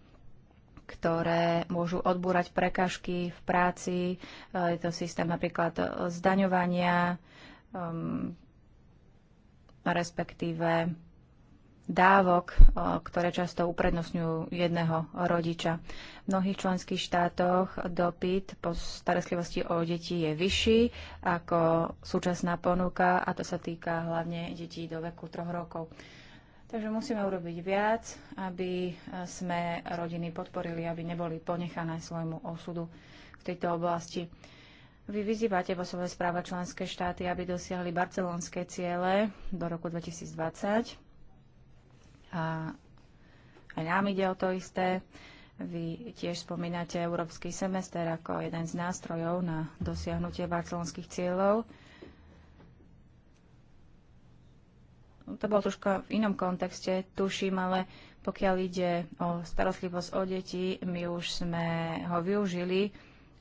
ktoré môžu odbúrať prekažky v práci. Je to systém napríklad zdaňovania, um, respektíve dávok, ktoré často uprednostňujú jedného rodiča. V mnohých členských štátoch dopyt po starostlivosti o deti je vyšší ako súčasná ponuka a to sa týka hlavne detí do veku troch rokov. Takže musíme urobiť viac, aby e, sme rodiny podporili, aby neboli ponechané svojmu osudu v tejto oblasti. Vy vyzývate vo svojej správe členské štáty, aby dosiahli barcelonské ciele do roku 2020 a aj nám ide o to isté. Vy tiež spomínate európsky semester ako jeden z nástrojov na dosiahnutie barcelonských cieľov. No, to bolo troška v inom kontexte, tuším, ale pokiaľ ide o starostlivosť o deti, my už sme ho využili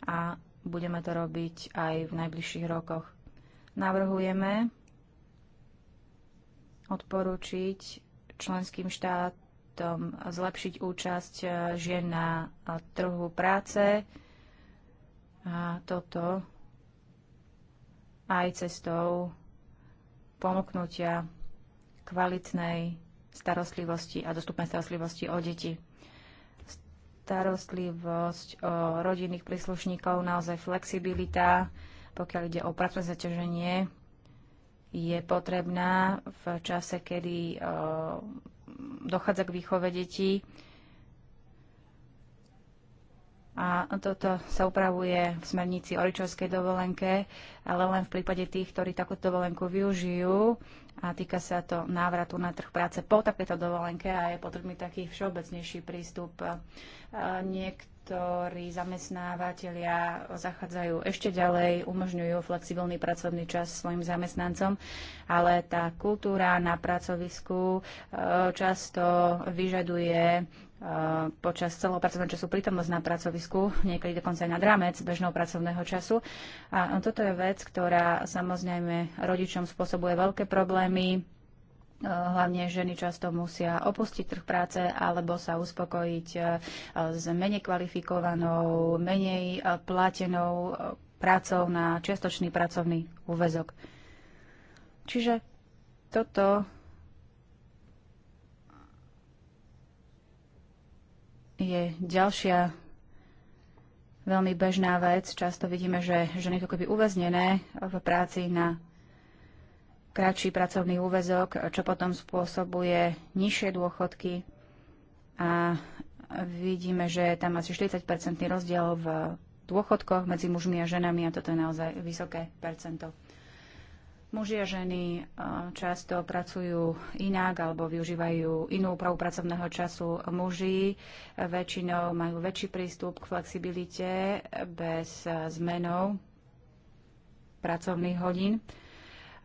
a budeme to robiť aj v najbližších rokoch. Navrhujeme odporučiť členským štátom zlepšiť účasť eh, žien na eh, trhu práce. A toto aj cestou ponúknutia kvalitnej starostlivosti a dostupnej starostlivosti o deti. Starostlivosť o rodinných príslušníkov, naozaj flexibilita, pokiaľ ide o pracovné zaťaženie je potrebná v čase, kedy eh, dochádza k výchove detí. A toto sa upravuje v smernici o ričovskej dovolenke, ale len v prípade tých, ktorí takúto dovolenku využijú a týka sa to návratu na trh práce po takéto dovolenke a je potrebný taký všeobecnejší prístup. Eh, Niek- ktorí zamestnávateľia zachádzajú ešte ďalej, umožňujú flexibilný pracovný čas svojim zamestnancom, ale tá kultúra na pracovisku e, často vyžaduje e, počas celého pracovného času prítomnosť na pracovisku, niekedy dokonca aj nad rámec bežného pracovného času. A toto je vec, ktorá samozrejme rodičom spôsobuje veľké problémy, Hlavne ženy často musia opustiť trh práce alebo sa uspokojiť e, s menej kvalifikovanou, menej e, platenou e, prácou na čiastočný pracovný úvezok. Čiže toto je ďalšia veľmi bežná vec. Často vidíme, že ženy sú keby uväznené v práci na kratší pracovný úvezok, čo potom spôsobuje nižšie dôchodky a vidíme, že je tam asi 40-percentný rozdiel v dôchodkoch medzi mužmi a ženami a toto je naozaj vysoké percento. Muži a ženy často pracujú inak alebo využívajú inú úpravu pracovného času. Muži väčšinou majú väčší prístup k flexibilite bez zmenov pracovných hodín.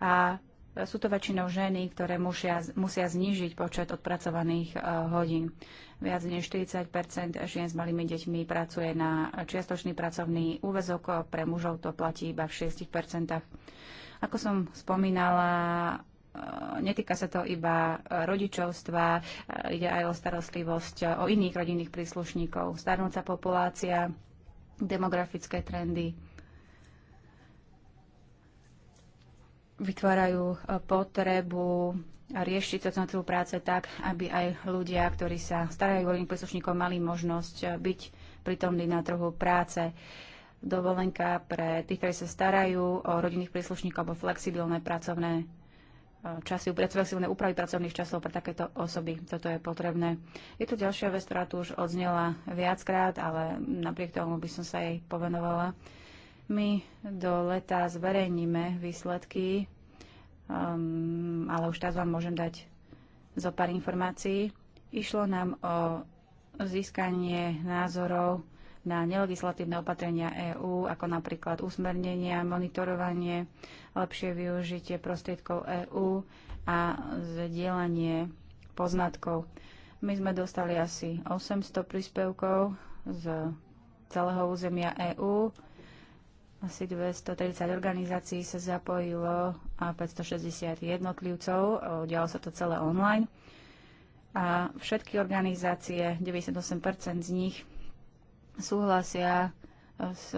A sú to väčšinou ženy, ktoré musia, musia znížiť počet odpracovaných eh, hodín. Viac než 40 žien s malými deťmi pracuje na čiastočný pracovný úvezok, pre mužov to platí iba v 6 Ako som spomínala, eh, netýka sa to iba eh, rodičovstva, ide aj o starostlivosť o iných rodinných príslušníkov, starnúca populácia, demografické trendy vytvárajú e, potrebu riešiť sociálnu trhu práce tak, aby aj ľudia, ktorí sa starajú o príslušníkov, mali možnosť e, byť prítomní na trhu práce. Dovolenka pre tých, ktorí sa starajú o rodinných príslušníkov alebo flexibilné pracovné e, časy, flexibilné úpravy pracovných časov pre takéto osoby. Toto je potrebné. Je tu ďalšia vec, ktorá tu už odznela viackrát, ale napriek tomu by som sa jej povenovala. My do leta zverejníme výsledky um, ale už teraz vám môžem dať zo pár informácií. Išlo nám o získanie názorov na nelegislatívne opatrenia EÚ, ako napríklad usmernenia, monitorovanie, lepšie využitie prostriedkov EÚ a zdieľanie poznatkov. My sme dostali asi 800 príspevkov z celého územia EÚ. Asi 230 organizácií sa zapojilo a 560 jednotlivcov. Dialo sa to celé online. A všetky organizácie, 98% z nich, súhlasia s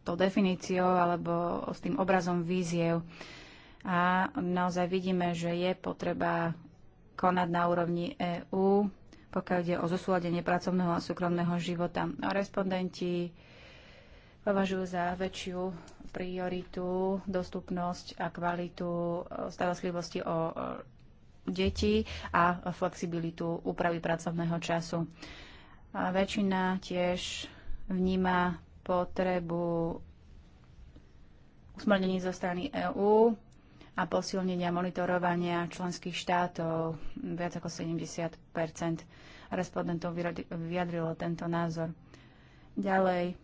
tou definíciou alebo s tým obrazom víziev. A naozaj vidíme, že je potreba konať na úrovni EÚ, pokiaľ ide o zosúladenie pracovného a súkromného života. A respondenti považujú za väčšiu prioritu, dostupnosť a kvalitu e, starostlivosti o e, deti a flexibilitu úpravy pracovného času. A väčšina tiež vníma potrebu usmernení zo strany EÚ a posilnenia monitorovania členských štátov. Viac ako 70 respondentov vyjadrilo tento názor. Ďalej,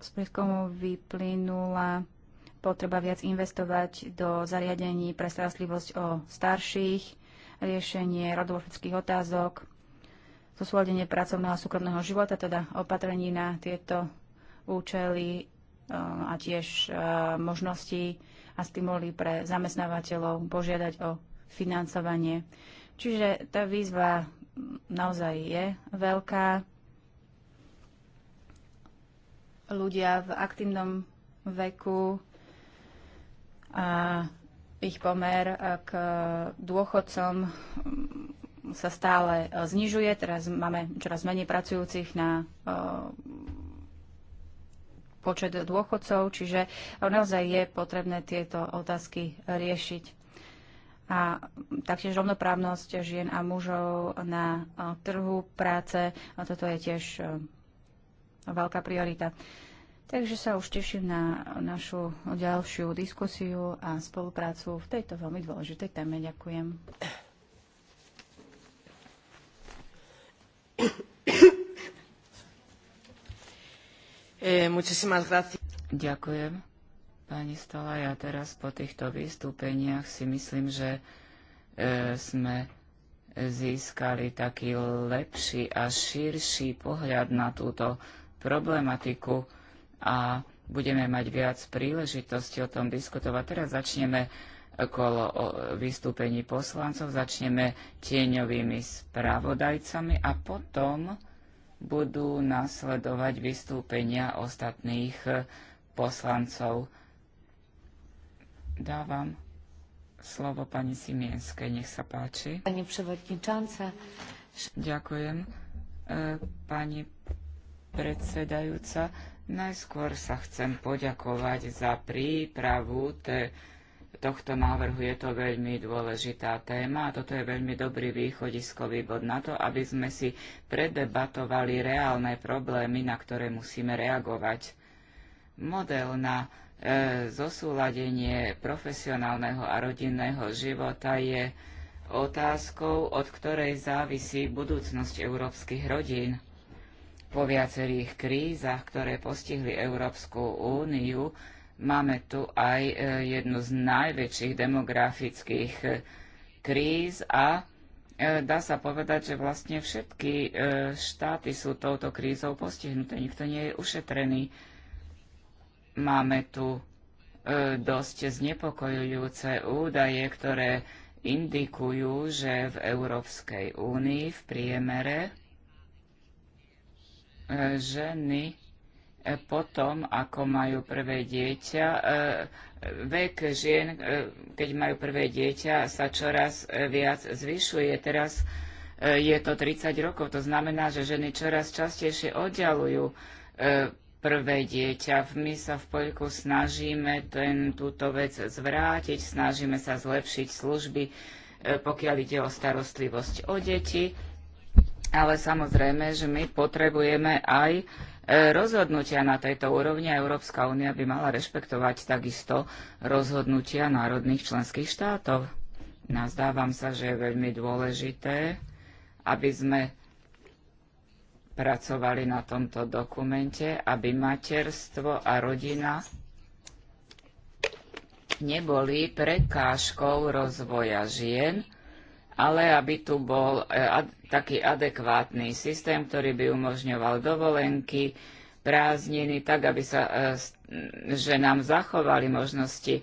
z prieskumu vyplynula potreba viac investovať do zariadení pre starostlivosť o starších, riešenie rodovofických otázok, zosúladenie pracovného a súkromného života, teda opatrení na tieto účely e, a tiež e, možnosti a stimuly pre zamestnávateľov požiadať o financovanie. Čiže tá výzva naozaj je veľká ľudia v aktívnom veku a ich pomer k dôchodcom sa stále e, znižuje. Teraz máme čoraz menej pracujúcich na e, počet dôchodcov, čiže naozaj je potrebné tieto otázky riešiť. A taktiež rovnoprávnosť žien a mužov na e, trhu práce, a toto je tiež veľká priorita. Takže sa už teším na našu ďalšiu diskusiu a spoluprácu v tejto veľmi dôležitej téme. Ďakujem. Eh, Ďakujem, pani Stola. Ja teraz po týchto vystúpeniach si myslím, že eh, sme získali taký lepší a širší pohľad na túto problematiku a budeme mať viac príležitosti o tom diskutovať. Teraz začneme kolo o vystúpení poslancov, začneme tieňovými spravodajcami a potom budú nasledovať vystúpenia ostatných poslancov. Dávam slovo pani Simienskej, nech sa páči. Pani Ďakujem. E, pani predsedajúca. Najskôr sa chcem poďakovať za prípravu te, tohto návrhu. Je to veľmi dôležitá téma a toto je veľmi dobrý východiskový bod na to, aby sme si predebatovali reálne problémy, na ktoré musíme reagovať. Model na e, zosúladenie profesionálneho a rodinného života je otázkou, od ktorej závisí budúcnosť európskych rodín. Po viacerých krízach, ktoré postihli Európsku úniu, máme tu aj e, jednu z najväčších demografických e, kríz a e, dá sa povedať, že vlastne všetky štáty sú touto krízou postihnuté. Nikto nie je ušetrený. Máme tu dosť znepokojujúce údaje, ktoré indikujú, že v Európskej únii v priemere ženy e, potom, ako majú prvé dieťa, e, vek žien, e, keď majú prvé dieťa, sa čoraz viac zvyšuje. Teraz je to 30 rokov, to znamená, že ženy čoraz častejšie oddialujú prvé dieťa. My sa v Poľku snažíme ten, túto vec zvrátiť, snažíme sa zlepšiť služby, pokiaľ ide o starostlivosť o deti ale samozrejme, že my potrebujeme aj e, rozhodnutia na tejto úrovni a Európska únia by mala rešpektovať takisto rozhodnutia národných členských štátov. Nazdávam sa, že je veľmi dôležité, aby sme pracovali na tomto dokumente, aby materstvo a rodina neboli prekážkou rozvoja žien, ale aby tu bol e, ad, taký adekvátny systém, ktorý by umožňoval dovolenky, prázdniny, tak aby sa, e, že nám zachovali možnosti e,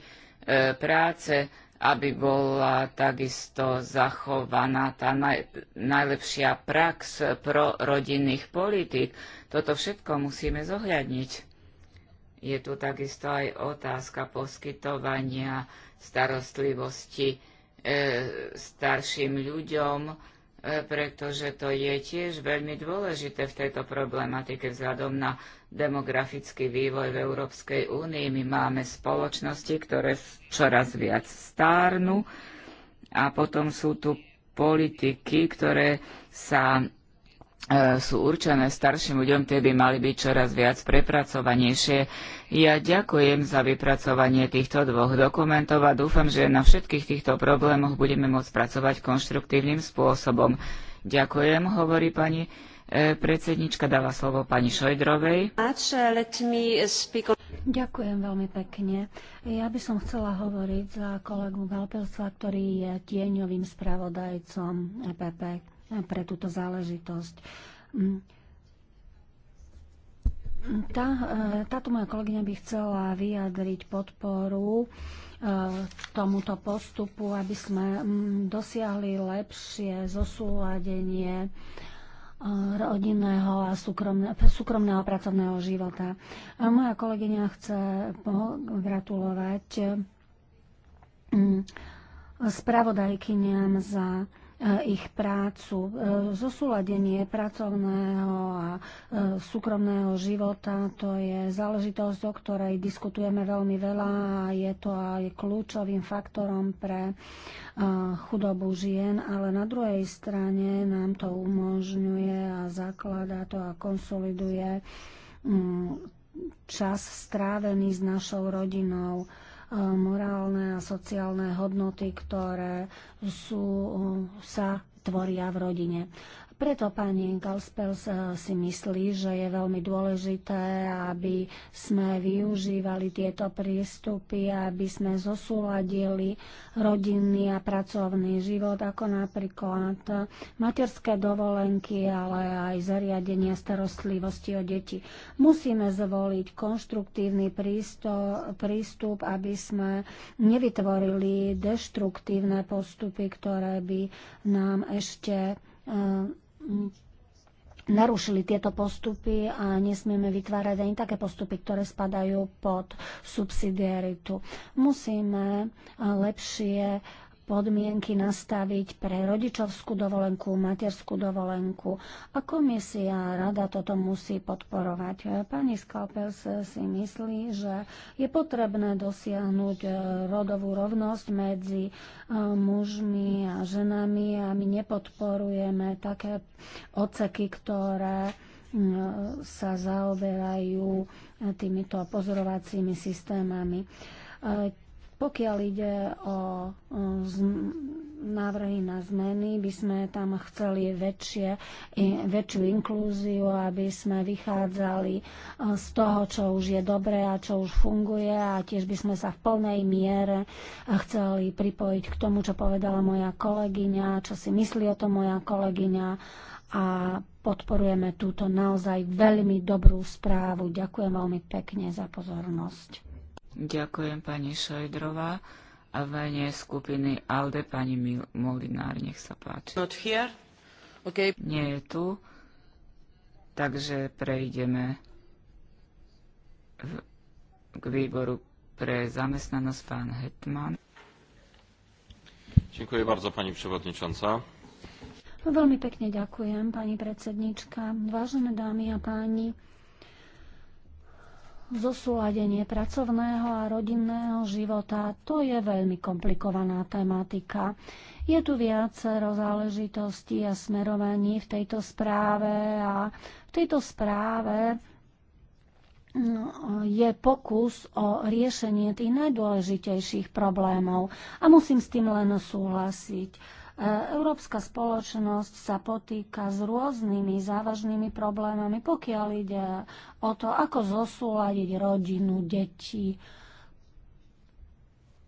práce, aby bola takisto zachovaná tá naj, najlepšia prax pro rodinných politík. Toto všetko musíme zohľadniť. Je tu takisto aj otázka poskytovania starostlivosti E, starším ľuďom, e, pretože to je tiež veľmi dôležité v tejto problematike vzhľadom na demografický vývoj v Európskej únii. My máme spoločnosti, ktoré čoraz viac stárnu a potom sú tu politiky, ktoré sa e, sú určené starším ľuďom, tie by mali byť čoraz viac prepracovanejšie ja ďakujem za vypracovanie týchto dvoch dokumentov a dúfam, že na všetkých týchto problémoch budeme môcť pracovať konštruktívnym spôsobom. Ďakujem, hovorí pani e, predsednička, dáva slovo pani Šojdrovej. Ďakujem veľmi pekne. Ja by som chcela hovoriť za kolegu Galpelstva, ktorý je tieňovým spravodajcom EPP pre túto záležitosť. Mm. Tá, e, táto moja kolegyňa by chcela vyjadriť podporu e, tomuto postupu, aby sme dosiahli lepšie zosúladenie e, rodinného a súkromného, súkromného pracovného života. A moja kolegyňa chce gratulovať spravodajkyniam za Eh, ich prácu. Eh, zosúladenie pracovného a eh, súkromného života to je záležitosť, o ktorej diskutujeme veľmi veľa a je to aj kľúčovým faktorom pre chudobu žien, ale na druhej strane nám to umožňuje a zakladá to a konsoliduje mm, čas strávený s našou rodinou morálne a sociálne hodnoty, ktoré sú, sa tvoria v rodine. Preto pani Galspels eh, si myslí, že je veľmi dôležité, aby sme využívali tieto prístupy, aby sme zosúladili rodinný a pracovný život, ako napríklad materské dovolenky, ale aj zariadenia starostlivosti o deti. Musíme zvoliť konštruktívny prístup, aby sme nevytvorili deštruktívne postupy, ktoré by nám ešte eh, narušili tieto postupy a nesmieme vytvárať ani také postupy, ktoré spadajú pod subsidiaritu. Musíme lepšie podmienky nastaviť pre rodičovskú dovolenku, materskú dovolenku a komisia rada toto musí podporovať. Pani Skalpels si myslí, že je potrebné dosiahnuť eh, rodovú rovnosť medzi eh, mužmi a ženami a my nepodporujeme také odseky, ktoré mm, sa zaoberajú eh, týmito pozorovacími systémami pokiaľ ide o návrhy na zmeny, by sme tam chceli väčšie, väčšiu inklúziu, aby sme vychádzali e, z toho, čo už je dobré a čo už funguje a tiež by sme sa v plnej miere chceli pripojiť k tomu, čo povedala moja kolegyňa, čo si myslí o tom moja kolegyňa a podporujeme túto naozaj veľmi dobrú správu. Ďakujem veľmi pekne za pozornosť. Ďakujem pani Šojdrová a vene skupiny ALDE pani Molinár, nech sa páči. Not here. Okay. Nie je tu, takže prejdeme v, k výboru pre zamestnanosť pán Hetman. Ďakujem bardzo pani przewodnicząca. Veľmi pekne ďakujem, pani predsednička. Vážené dámy a páni, zosúladenie pracovného a rodinného života, to je veľmi komplikovaná tematika. Je tu viacero záležitostí a smerovaní v tejto správe a v tejto správe no, je pokus o riešenie tých najdôležitejších problémov a musím s tým len súhlasiť. E, Európska spoločnosť sa potýka s rôznymi závažnými problémami, pokiaľ ide o to, ako zosúľadiť rodinu, deti,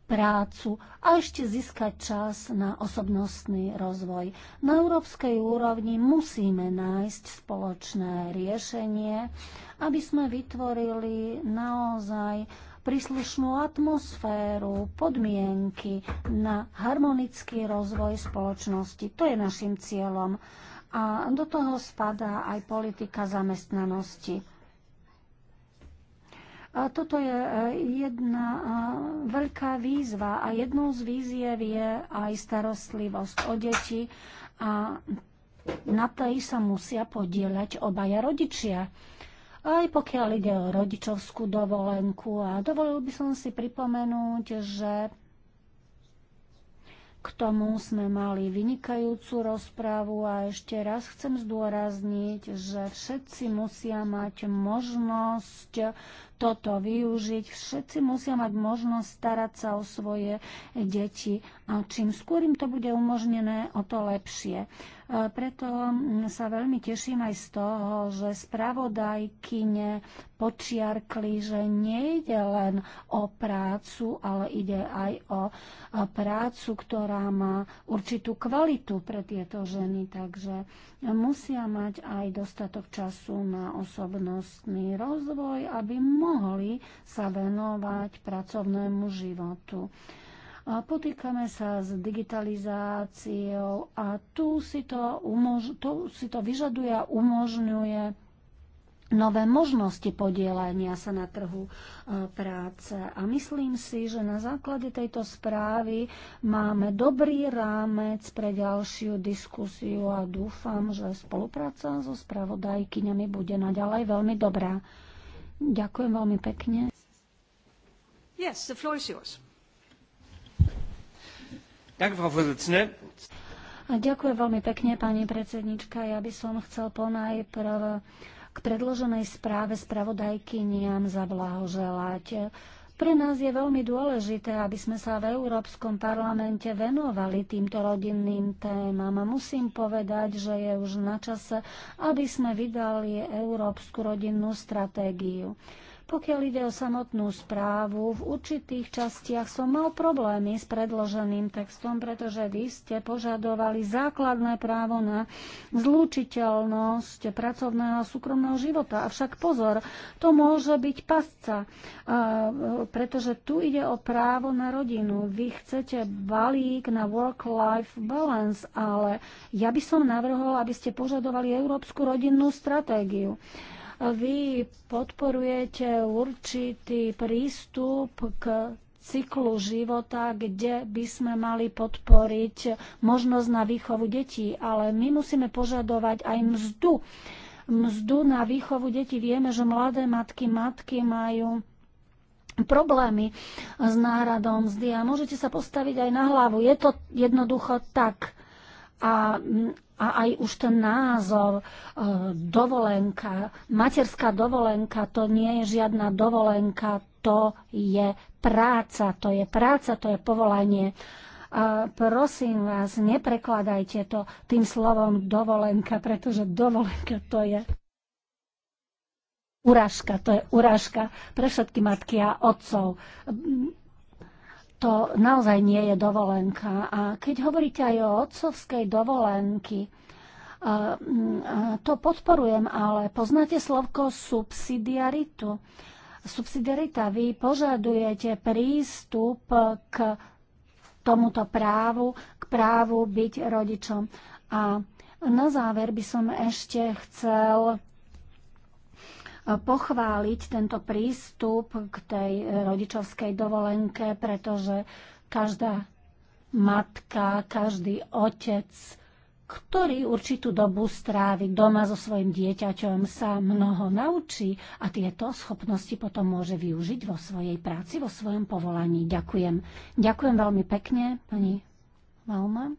prácu a ešte získať čas na osobnostný rozvoj. Na európskej úrovni musíme nájsť spoločné riešenie, aby sme vytvorili naozaj príslušnú atmosféru, podmienky na harmonický rozvoj spoločnosti. To je našim cieľom. A do toho spadá aj politika zamestnanosti. A toto je e, jedna e, veľká výzva a jednou z víziev je aj starostlivosť o deti a na tej sa musia podielať obaja rodičia aj pokiaľ ide o rodičovskú dovolenku. A dovolil by som si pripomenúť, že k tomu sme mali vynikajúcu rozprávu a ešte raz chcem zdôrazniť, že všetci musia mať možnosť toto využiť. Všetci musia mať možnosť starať sa o svoje deti a čím skôr im to bude umožnené, o to lepšie. E, preto sa veľmi teším aj z toho, že spravodajkyne počiarkli, že nejde len o prácu, ale ide aj o prácu, ktorá má určitú kvalitu pre tieto ženy. Takže musia mať aj dostatok času na osobnostný rozvoj, aby mo- mohli sa venovať pracovnému životu. Potýkame sa s digitalizáciou a tu si to, umož- tu si to vyžaduje a umožňuje nové možnosti podielania sa na trhu e, práce. A myslím si, že na základe tejto správy máme dobrý rámec pre ďalšiu diskusiu a dúfam, že spolupráca so spravodajkyňami bude naďalej veľmi dobrá. Ďakujem veľmi pekne. Yes, the floor is yours. Danke, A ďakujem veľmi pekne, pani predsednička. Ja by som chcel ponajprv k predloženej správe spravodajky niam zablahoželať. Pre nás je veľmi dôležité, aby sme sa v Európskom parlamente venovali týmto rodinným témam. A musím povedať, že je už na čase, aby sme vydali Európsku rodinnú stratégiu. Pokiaľ ide o samotnú správu, v určitých častiach som mal problémy s predloženým textom, pretože vy ste požadovali základné právo na zlúčiteľnosť pracovného a súkromného života. Avšak pozor, to môže byť pasca, pretože tu ide o právo na rodinu. Vy chcete balík na work-life balance, ale ja by som navrhol, aby ste požadovali európsku rodinnú stratégiu. Vy podporujete určitý prístup k cyklu života, kde by sme mali podporiť možnosť na výchovu detí. Ale my musíme požadovať aj mzdu. Mzdu na výchovu detí. Vieme, že mladé matky, matky majú problémy s náhradom mzdy a môžete sa postaviť aj na hlavu. Je to jednoducho tak. A a aj už ten názov e, dovolenka, materská dovolenka, to nie je žiadna dovolenka, to je práca, to je práca, to je povolanie. A e, prosím vás, neprekladajte to tým slovom dovolenka, pretože dovolenka to je Uražka, to je uražka pre všetky matky a otcov to naozaj nie je dovolenka. A keď hovoríte aj o otcovskej dovolenky, to podporujem, ale poznáte slovko subsidiaritu. Subsidiarita, vy požadujete prístup k tomuto právu, k právu byť rodičom. A na záver by som ešte chcel pochváliť tento prístup k tej rodičovskej dovolenke, pretože každá matka, každý otec, ktorý určitú dobu strávi doma so svojim dieťaťom, sa mnoho naučí a tieto schopnosti potom môže využiť vo svojej práci, vo svojom povolaní. Ďakujem. Ďakujem veľmi pekne, pani Malma.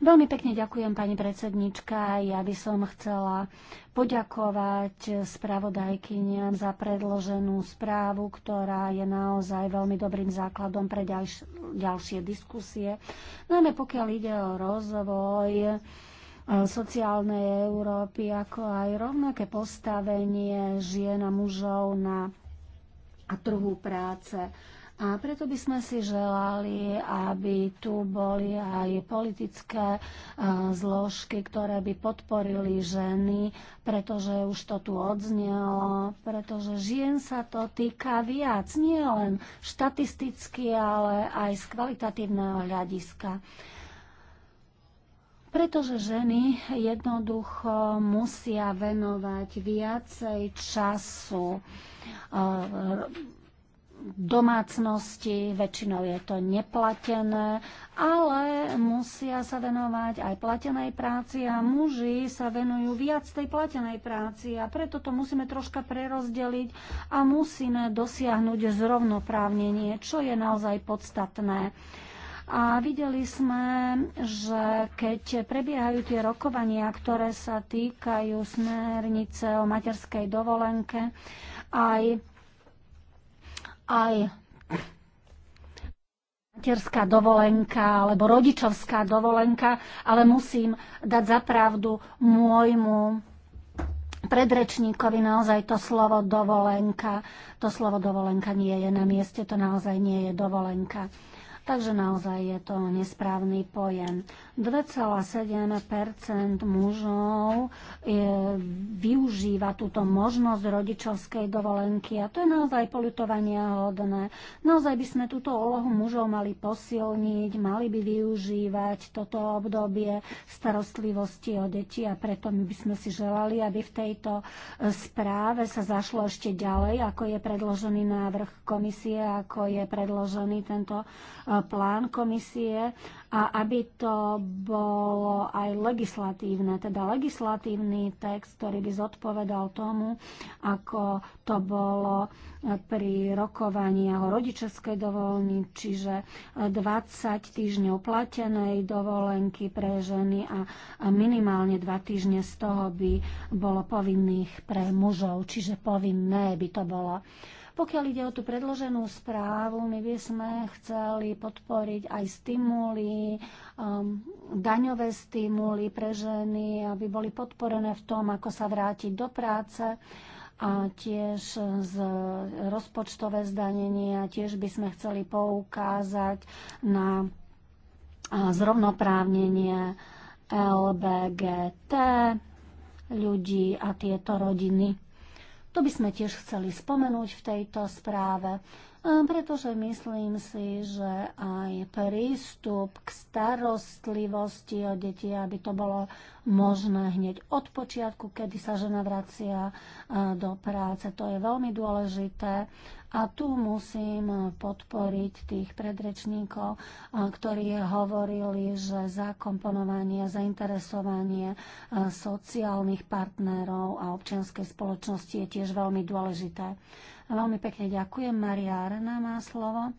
Veľmi pekne ďakujem, pani predsednička. Ja by som chcela poďakovať spravodajkyniam za predloženú správu, ktorá je naozaj veľmi dobrým základom pre ďalš- ďalšie diskusie. Najmä pokiaľ ide o rozvoj e, sociálnej Európy, ako aj rovnaké postavenie žien a mužov na trhu práce. A preto by sme si želali, aby tu boli aj politické e, zložky, ktoré by podporili ženy, pretože už to tu odznelo, pretože žien sa to týka viac, nie len štatisticky, ale aj z kvalitatívneho hľadiska. Pretože ženy jednoducho musia venovať viacej času e, domácnosti, väčšinou je to neplatené, ale musia sa venovať aj platenej práci a muži sa venujú viac tej platenej práci a preto to musíme troška prerozdeliť a musíme dosiahnuť zrovnoprávnenie, čo je naozaj podstatné. A videli sme, že keď prebiehajú tie rokovania, ktoré sa týkajú smernice o materskej dovolenke, aj aj materská dovolenka alebo rodičovská dovolenka, ale musím dať zapravdu môjmu predrečníkovi naozaj to slovo dovolenka. To slovo dovolenka nie je na mieste, to naozaj nie je dovolenka. Takže naozaj je to nesprávny pojem. 2,7 mužov je, využíva túto možnosť rodičovskej dovolenky a to je naozaj polutovania hodné. Naozaj by sme túto úlohu mužov mali posilniť, mali by využívať toto obdobie starostlivosti o deti a preto my by sme si želali, aby v tejto e, správe sa zašlo ešte ďalej, ako je predložený návrh komisie, ako je predložený tento e, plán komisie a aby to bolo aj legislatívne, teda legislatívny text, ktorý by zodpovedal tomu, ako to bolo pri rokovaní o rodičovskej dovolení, čiže 20 týždňov platenej dovolenky pre ženy a minimálne 2 týždne z toho by bolo povinných pre mužov, čiže povinné by to bolo. Pokiaľ ide o tú predloženú správu, my by sme chceli podporiť aj stimuly, um, daňové stimuly pre ženy, aby boli podporené v tom, ako sa vrátiť do práce a tiež z rozpočtové zdanenie a tiež by sme chceli poukázať na zrovnoprávnenie LBGT ľudí a tieto rodiny. To by sme tiež chceli spomenúť v tejto správe. Hm, pretože myslím si, že aj prístup k starostlivosti o deti, aby to bolo možné hneď od počiatku, kedy sa žena vracia eh, do práce, to je veľmi dôležité. A tu musím podporiť tých predrečníkov, eh, ktorí hovorili, že zakomponovanie, zainteresovanie eh, sociálnych partnerov a občianskej spoločnosti je tiež veľmi dôležité. Veľmi pekne ďakujem. Maria Arena má slovo.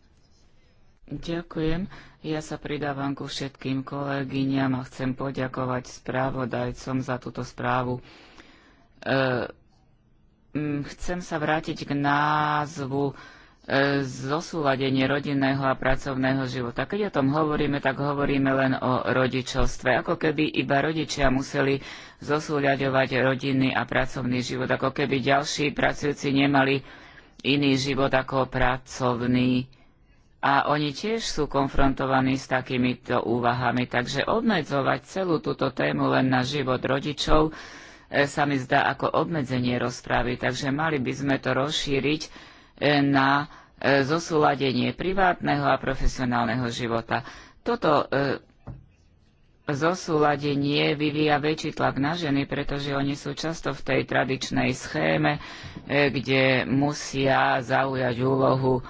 Ďakujem. Ja sa pridávam ku všetkým kolegyňam a chcem poďakovať správodajcom za túto správu. E, chcem sa vrátiť k názvu e, zosúladenie rodinného a pracovného života. Keď o tom hovoríme, tak hovoríme len o rodičovstve. Ako keby iba rodičia museli zosúľaďovať rodinný a pracovný život. Ako keby ďalší pracujúci nemali iný život ako pracovný. A oni tiež sú konfrontovaní s takýmito úvahami, takže obmedzovať celú túto tému len na život rodičov e, sa mi zdá ako obmedzenie rozpravy, takže mali by sme to rozšíriť e, na e, zosúladenie privátneho a profesionálneho života. Toto zosúladenie vyvíja väčší tlak na ženy, pretože oni sú často v tej tradičnej schéme, e, kde musia zaujať úlohu e,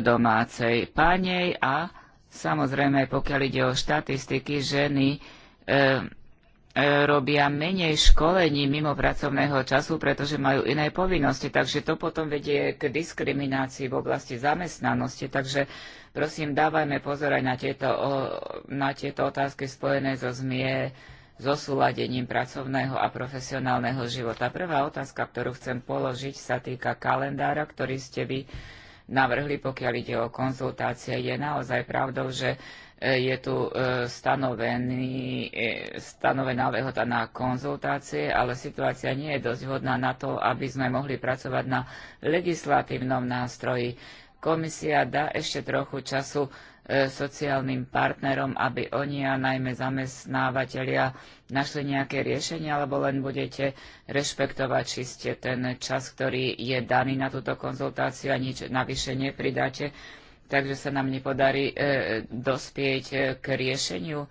domácej panej a samozrejme, pokiaľ ide o štatistiky, ženy e, E, robia menej školení mimo pracovného času, pretože majú iné povinnosti. Takže to potom vedie k diskriminácii v oblasti zamestnanosti. Takže prosím, dávajme pozor aj na tieto, na tieto otázky spojené so zmie so súladením pracovného a profesionálneho života. Prvá otázka, ktorú chcem položiť, sa týka kalendára, ktorý ste vy navrhli, pokiaľ ide o konzultácie. Je naozaj pravdou, že je tu e, stanovený, e, stanovená lehota na konzultácie, ale situácia nie je dosť vhodná na to, aby sme mohli pracovať na legislatívnom nástroji. Komisia dá ešte trochu času e, sociálnym partnerom, aby oni a najmä zamestnávateľia našli nejaké riešenie, alebo len budete rešpektovať čiste ten čas, ktorý je daný na túto konzultáciu a nič navyše nepridáte takže sa nám nepodarí e, dospieť e, k riešeniu.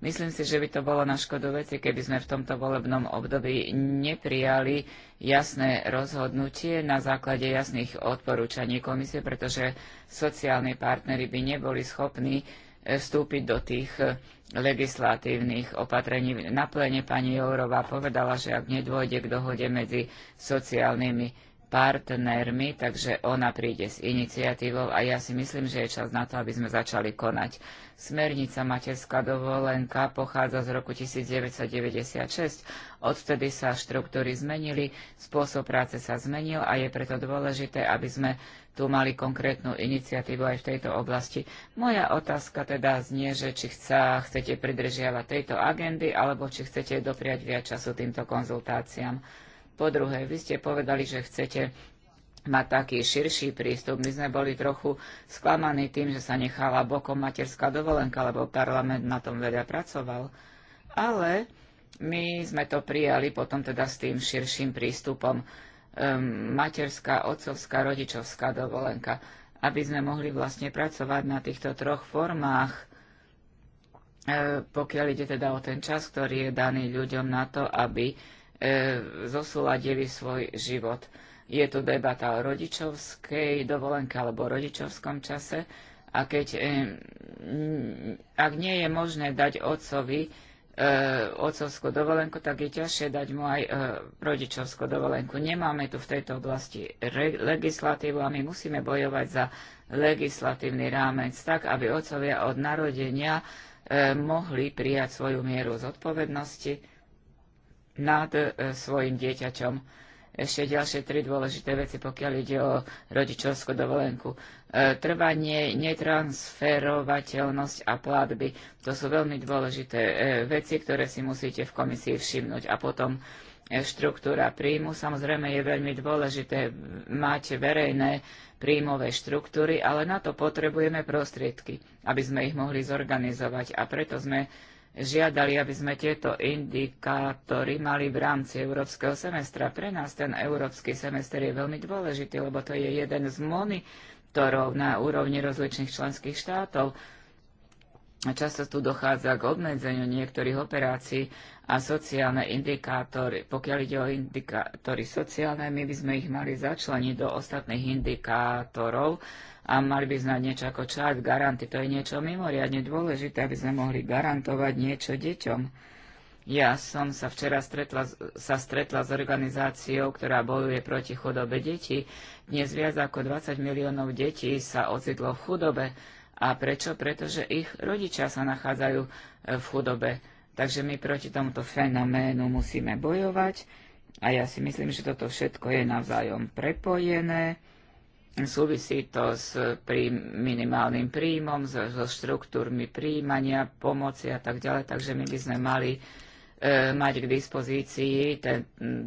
Myslím si, že by to bolo na škodu veci, keby sme v tomto volebnom období neprijali jasné rozhodnutie na základe jasných odporúčaní komisie, pretože sociálni partnery by neboli schopní e, vstúpiť do tých e, legislatívnych opatrení. Na plene pani Jourová povedala, že ak nedôjde k dohode medzi sociálnymi partnermi, takže ona príde s iniciatívou a ja si myslím, že je čas na to, aby sme začali konať. Smernica materská dovolenka pochádza z roku 1996. Odvtedy sa štruktúry zmenili, spôsob práce sa zmenil a je preto dôležité, aby sme tu mali konkrétnu iniciatívu aj v tejto oblasti. Moja otázka teda znie, že či chca, chcete pridržiavať tejto agendy, alebo či chcete dopriať viac času týmto konzultáciám. Po druhé, vy ste povedali, že chcete mať taký širší prístup. My sme boli trochu sklamaní tým, že sa nechala bokom materská dovolenka, lebo parlament na tom veľa pracoval. Ale my sme to prijali potom teda s tým širším prístupom um, materská, otcovská, rodičovská dovolenka, aby sme mohli vlastne pracovať na týchto troch formách, e, pokiaľ ide teda o ten čas, ktorý je daný ľuďom na to, aby E, zosúladili svoj život. Je tu debata o rodičovskej dovolenke alebo o rodičovskom čase a keď, e, ak nie je možné dať otcovi e, otcovskú dovolenku, tak je ťažšie dať mu aj rodičovskú dovolenku. Nemáme tu v tejto oblasti legislatívu a my musíme bojovať za legislatívny rámec tak, aby otcovia od narodenia mohli prijať svoju mieru zodpovednosti nad e, svojim dieťaťom. Ešte ďalšie tri dôležité veci, pokiaľ ide o rodičovskú dovolenku. E, Trvanie, netransferovateľnosť a platby. To sú veľmi dôležité e, veci, ktoré si musíte v komisii všimnúť. A potom štruktúra príjmu. Samozrejme je veľmi dôležité mať verejné príjmové štruktúry, ale na to potrebujeme prostriedky, aby sme ich mohli zorganizovať. A preto sme žiadali, aby sme tieto indikátory mali v rámci európskeho semestra. Pre nás ten európsky semester je veľmi dôležitý, lebo to je jeden z monitorov na úrovni rozličných členských štátov. Často tu dochádza k obmedzeniu niektorých operácií a sociálne indikátory. Pokiaľ ide o indikátory sociálne, my by sme ich mali začleniť do ostatných indikátorov a mali by znať niečo ako čas, garanty. To je niečo mimoriadne dôležité, aby sme mohli garantovať niečo deťom. Ja som sa včera stretla, sa stretla s organizáciou, ktorá bojuje proti chudobe detí. Dnes viac ako 20 miliónov detí sa ocitlo v chudobe. A prečo? Pretože ich rodičia sa nachádzajú v chudobe. Takže my proti tomuto fenoménu musíme bojovať a ja si myslím, že toto všetko je navzájom prepojené. Súvisí to s prím, minimálnym príjmom, so, so štruktúrmi príjmania, pomoci a tak ďalej. Takže my by sme mali e, mať k dispozícii ten,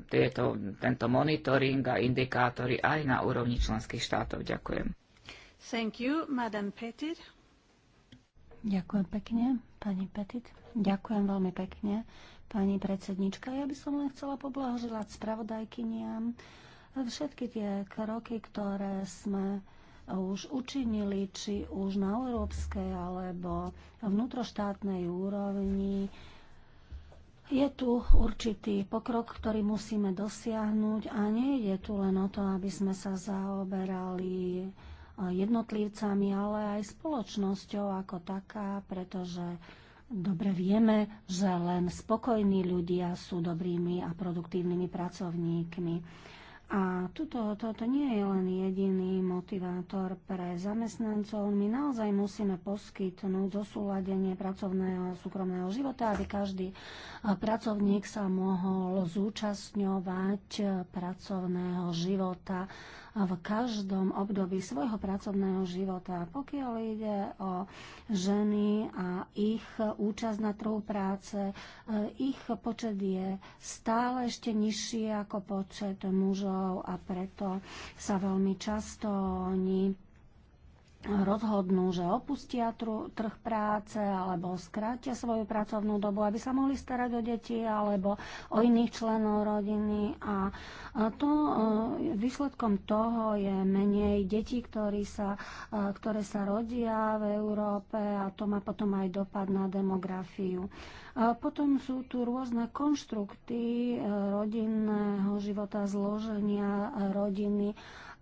tieto, tento monitoring a indikátory aj na úrovni členských štátov. Ďakujem. Thank you, Madam Petit. Ďakujem pekne, pani Petit. Ďakujem veľmi pekne, pani predsednička. Ja by som len chcela poblahoželať spravodajkyniam všetky tie kroky, ktoré sme už učinili, či už na európskej alebo vnútroštátnej úrovni. Je tu určitý pokrok, ktorý musíme dosiahnuť a nie je tu len o to, aby sme sa zaoberali jednotlivcami, ale aj spoločnosťou ako taká, pretože Dobre vieme, že len spokojní ľudia sú dobrými a produktívnymi pracovníkmi. A tuto, toto nie je len jediný motivátor pre zamestnancov. My naozaj musíme poskytnúť zosúladenie pracovného a súkromného života, aby každý pracovník sa mohol zúčastňovať pracovného života v každom období svojho pracovného života. Pokiaľ ide o ženy a ich účasť na trhu práce, ich počet je stále ešte nižší ako počet mužov občanov a preto sa veľmi často oni rozhodnú, že opustia trh práce alebo skrátia svoju pracovnú dobu, aby sa mohli starať o deti alebo o iných členov rodiny. A to e, výsledkom toho je menej detí, ktorí sa, e, ktoré sa rodia v Európe a to má potom aj dopad na demografiu. A potom sú tu rôzne konštrukty e, rodinného života, zloženia rodiny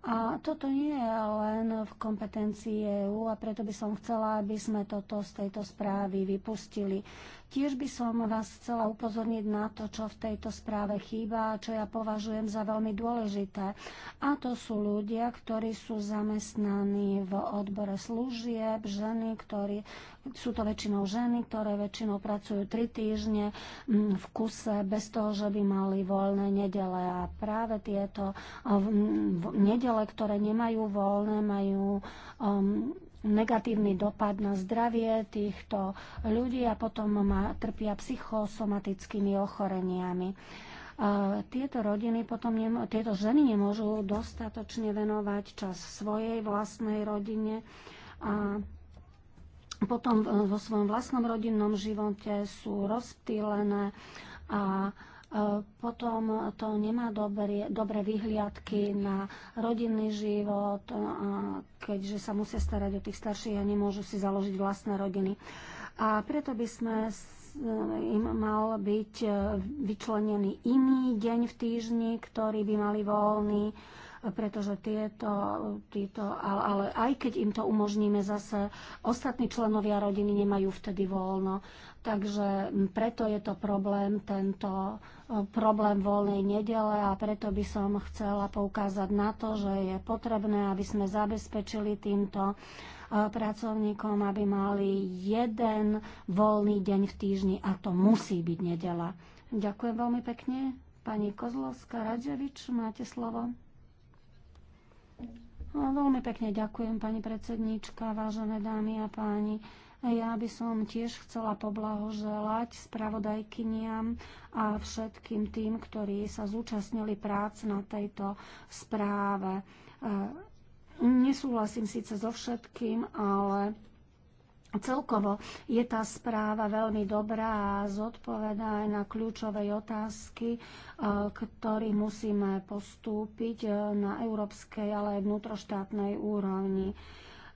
a toto nie je len v kompetencii EÚ a preto by som chcela, aby sme toto z tejto správy vypustili. Tiež by som vás chcela upozorniť na to, čo v tejto správe chýba a čo ja považujem za veľmi dôležité. A to sú ľudia, ktorí sú zamestnaní v odbore služieb, ženy, ktorí sú to väčšinou ženy, ktoré väčšinou pracujú tri týždne mm, v kuse bez toho, že by mali voľné nedele. A práve tieto mm, nedele, ktoré nemajú voľné, majú um, negatívny dopad na zdravie týchto ľudí a potom ma, trpia psychosomatickými ochoreniami tieto rodiny potom, nemo, tieto ženy nemôžu dostatočne venovať čas svojej vlastnej rodine a potom vo svojom vlastnom rodinnom živote sú rozptýlené a E, potom to nemá dobré, dobré vyhliadky na rodinný život, keďže sa musia starať o tých starších a nemôžu si založiť vlastné rodiny. A preto by sme e, im mal byť e, vyčlenený iný deň v týždni, ktorý by mali voľný pretože tieto, tieto ale, ale aj keď im to umožníme, zase ostatní členovia rodiny nemajú vtedy voľno. Takže preto je to problém, tento eh, problém voľnej nedele a preto by som chcela poukázať na to, že je potrebné, aby sme zabezpečili týmto eh, pracovníkom, aby mali jeden voľný deň v týždni a to musí byť nedela. Ďakujem veľmi pekne. Pani Kozlovská Radževič, máte slovo. No, veľmi pekne ďakujem, pani predsedníčka, vážené dámy a páni. Ja by som tiež chcela poblahoželať spravodajkyniam a všetkým tým, ktorí sa zúčastnili prác na tejto správe. E, nesúhlasím síce so všetkým, ale Celkovo je tá správa veľmi dobrá a zodpovedá aj na kľúčové otázky, e, ktorý musíme postúpiť e, na európskej, ale aj vnútroštátnej úrovni.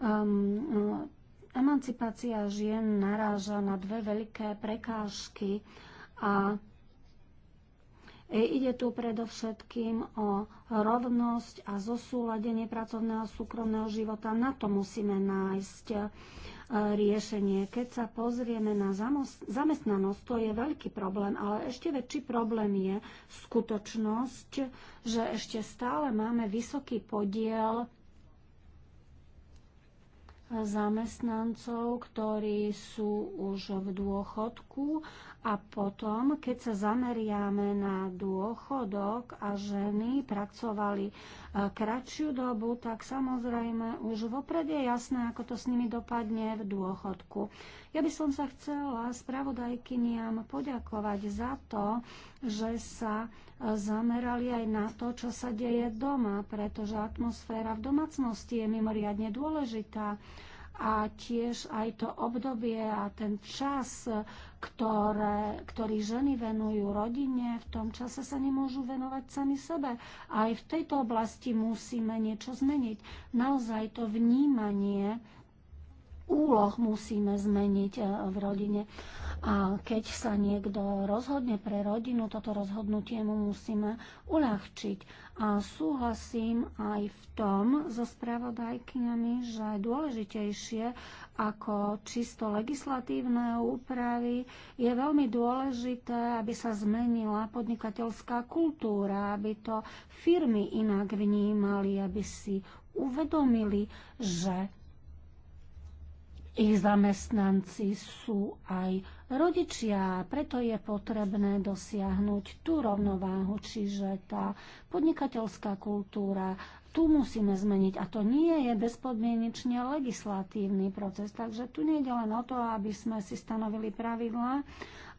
Ehm, e, emancipácia žien naráža na dve veľké prekážky a Ide tu predovšetkým o rovnosť a zosúladenie pracovného a súkromného života. Na to musíme nájsť E, riešenie. Keď sa pozrieme na zamestnanosť, to je veľký problém, ale ešte väčší problém je skutočnosť, že ešte stále máme vysoký podiel zamestnancov, ktorí sú už v dôchodku a potom, keď sa zameriame na dôchodok a ženy pracovali e, kratšiu dobu, tak samozrejme už vopred je jasné, ako to s nimi dopadne v dôchodku. Ja by som sa chcela spravodajkyniam poďakovať za to, že sa e, zamerali aj na to, čo sa deje doma, pretože atmosféra v domácnosti je mimoriadne dôležitá a tiež aj to obdobie a ten čas, e, ktoré, ktorý ženy venujú rodine, v tom čase sa nemôžu venovať sami sebe. Aj v tejto oblasti musíme niečo zmeniť. Naozaj to vnímanie úloh musíme zmeniť e, v rodine. A keď sa niekto rozhodne pre rodinu, toto rozhodnutie mu musíme uľahčiť. A súhlasím aj v tom so spravodajkyňami, že dôležitejšie ako čisto legislatívne úpravy je veľmi dôležité, aby sa zmenila podnikateľská kultúra, aby to firmy inak vnímali, aby si uvedomili, že ich zamestnanci sú aj rodičia, preto je potrebné dosiahnuť tú rovnováhu, čiže tá podnikateľská kultúra, tu musíme zmeniť a to nie je bezpodmienečne legislatívny proces, takže tu nie je len o to, aby sme si stanovili pravidlá,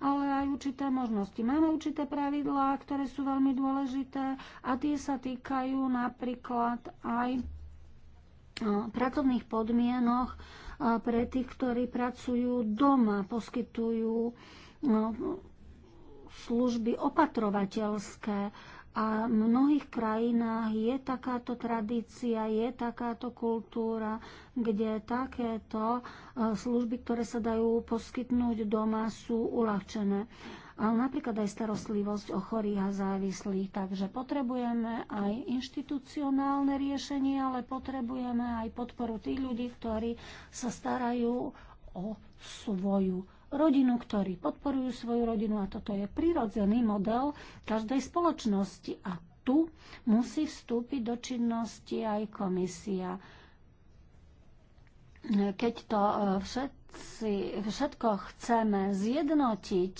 ale aj určité možnosti. Máme určité pravidlá, ktoré sú veľmi dôležité a tie sa týkajú napríklad aj pracovných podmienok pre tých, ktorí pracujú doma, poskytujú no, služby opatrovateľské. A v mnohých krajinách je takáto tradícia, je takáto kultúra, kde takéto e, služby, ktoré sa dajú poskytnúť doma, sú uľahčené ale napríklad aj starostlivosť o chorých a závislých. Takže potrebujeme aj inštitucionálne riešenie, ale potrebujeme aj podporu tých ľudí, ktorí sa starajú o svoju rodinu, ktorí podporujú svoju rodinu a toto je prirodzený model každej spoločnosti. A tu musí vstúpiť do činnosti aj komisia. Keď to eh, všetci, všetko chceme zjednotiť,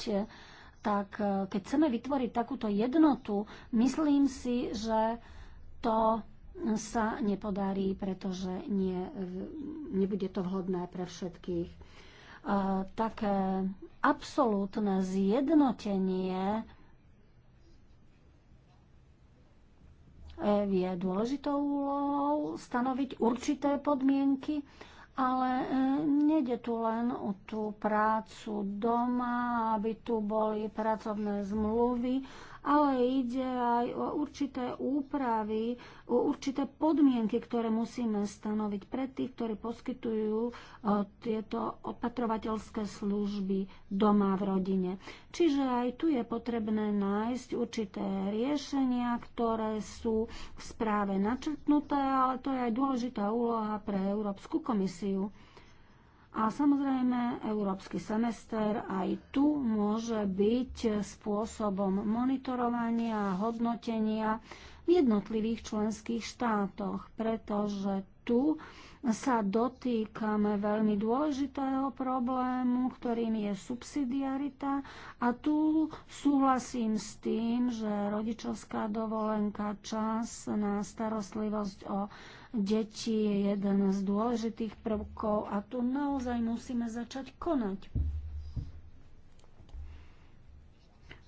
tak e, keď chceme vytvoriť takúto jednotu, myslím si, že to sa nepodarí, pretože nie, e, nebude to vhodné pre všetkých. E, také absolútne zjednotenie je dôležitou úlohou stanoviť určité podmienky, ale e, nejde tu len o tú prácu doma, aby tu boli pracovné zmluvy, ale ide aj o určité úpravy, o určité podmienky, ktoré musíme stanoviť pre tých, ktorí poskytujú e, tieto opatrovateľské služby doma v rodine. Čiže aj tu je potrebné nájsť určité riešenia, ktoré sú v správe načrtnuté, ale to je aj dôležitá úloha pre Európsku komisiu. A samozrejme, európsky semester aj tu môže byť spôsobom monitorovania a hodnotenia v jednotlivých členských štátoch, pretože tu sa dotýkame veľmi dôležitého problému, ktorým je subsidiarita a tu súhlasím s tým, že rodičovská dovolenka, čas na starostlivosť o Deti je jeden z dôležitých prvkov a tu naozaj musíme začať konať.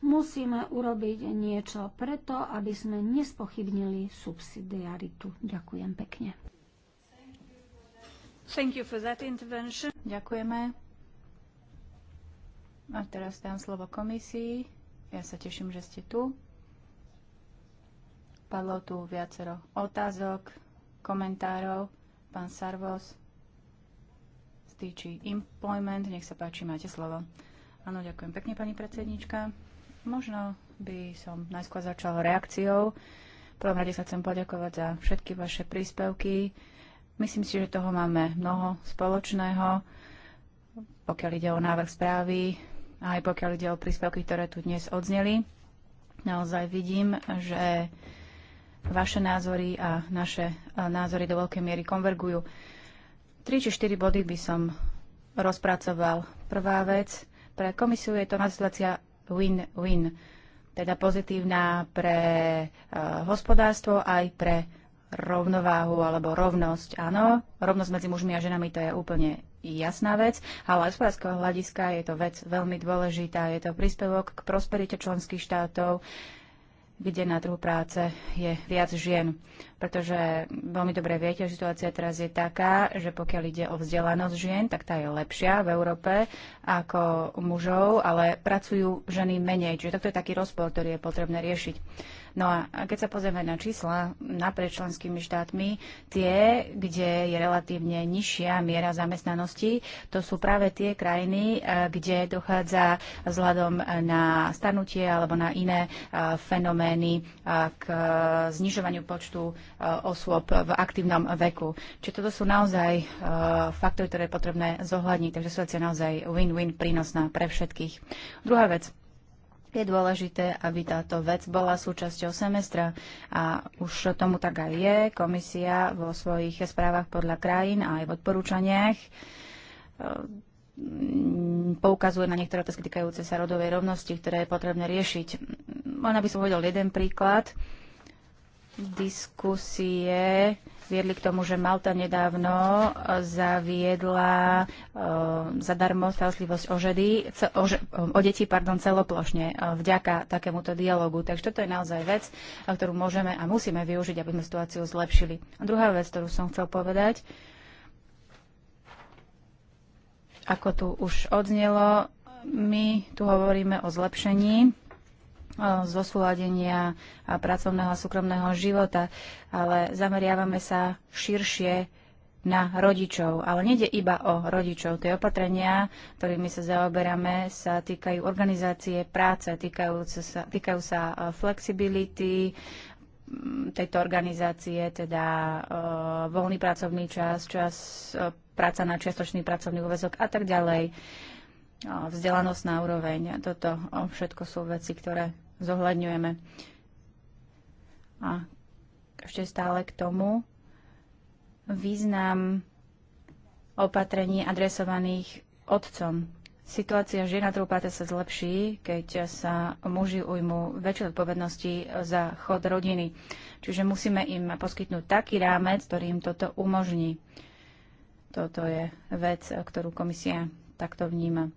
Musíme urobiť niečo preto, aby sme nespochybnili subsidiaritu. Ďakujem pekne. Thank you for that intervention. Ďakujeme. A teraz dám slovo komisii. Ja sa teším, že ste tu. Padlo tu viacero otázok, komentárov. Pán Sarvos z Employment, nech sa páči, máte slovo. Áno, ďakujem pekne, pani predsednička. Možno by som najskôr začal reakciou. V prvom rade sa chcem poďakovať za všetky vaše príspevky. Myslím si, že toho máme mnoho spoločného, pokiaľ ide o návrh správy a aj pokiaľ ide o príspevky, ktoré tu dnes odzneli. Naozaj vidím, že Vaše názory a naše názory do veľkej miery konvergujú. Tri či štyri body by som rozpracoval. Prvá vec, pre komisiu je to situácia win-win, teda pozitívna pre e, hospodárstvo aj pre rovnováhu alebo rovnosť. Áno, rovnosť medzi mužmi a ženami to je úplne jasná vec, ale z hľadiska je to vec veľmi dôležitá. Je to príspevok k prosperite členských štátov, kde na trhu práce je viac žien. Pretože veľmi dobre viete, že situácia teraz je taká, že pokiaľ ide o vzdelanosť žien, tak tá je lepšia v Európe ako mužov, ale pracujú ženy menej. Čiže toto je taký rozpor, ktorý je potrebné riešiť. No a keď sa pozrieme na čísla naprieč členskými štátmi, tie, kde je relatívne nižšia miera zamestnanosti, to sú práve tie krajiny, e, kde dochádza vzhľadom na starnutie alebo na iné e, fenomény e, k znižovaniu počtu osôb v aktívnom veku. Čiže toto sú naozaj faktory, ktoré je potrebné zohľadniť, takže situácia je naozaj win-win prínosná pre všetkých. Druhá vec, je dôležité, aby táto vec bola súčasťou semestra. A už tomu tak aj je. Komisia vo svojich správach podľa krajín a aj v odporúčaniach ehm, poukazuje na niektoré otázky týkajúce sa rodovej rovnosti, ktoré je potrebné riešiť. Možno by som povedal jeden príklad. Diskusie viedli k tomu, že Malta nedávno zaviedla eh, zadarmo starostlivosť o, žedy, o, o deti pardon, celoplošne eh, vďaka takémuto dialogu. Takže toto je naozaj vec, eh, ktorú môžeme a musíme využiť, aby sme situáciu zlepšili. A druhá vec, ktorú som chcel povedať, ako tu už odznelo, my tu hovoríme o zlepšení zosúladenia pracovného a súkromného života, ale zameriavame sa širšie na rodičov. Ale nede iba o rodičov. Tie opatrenia, ktorými sa zaoberáme, sa týkajú organizácie práce, týkajú sa, týkajú sa e, flexibility tejto organizácie, teda e, voľný pracovný čas, čas e, práca na čiastočný pracovný úvezok a tak ďalej, vzdelanosť na úroveň. Toto všetko sú veci, ktoré zohľadňujeme. A ešte stále k tomu význam opatrení adresovaných otcom. Situácia žien na sa zlepší, keď sa muži ujmú väčšie odpovednosti za chod rodiny. Čiže musíme im poskytnúť taký rámec, ktorý im toto umožní. Toto je vec, ktorú komisia takto vníma.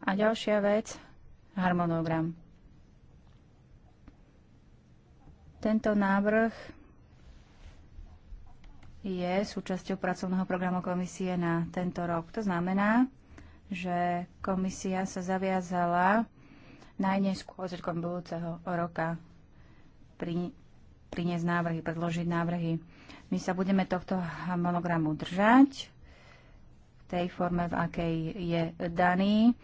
A ďalšia vec, harmonogram. Tento návrh je súčasťou pracovného programu komisie na tento rok. To znamená, že komisia sa zaviazala najneskôr začiatkom budúceho roka pri, priniesť návrhy, predložiť návrhy. My sa budeme tohto monogramu držať v tej forme, v akej je daný.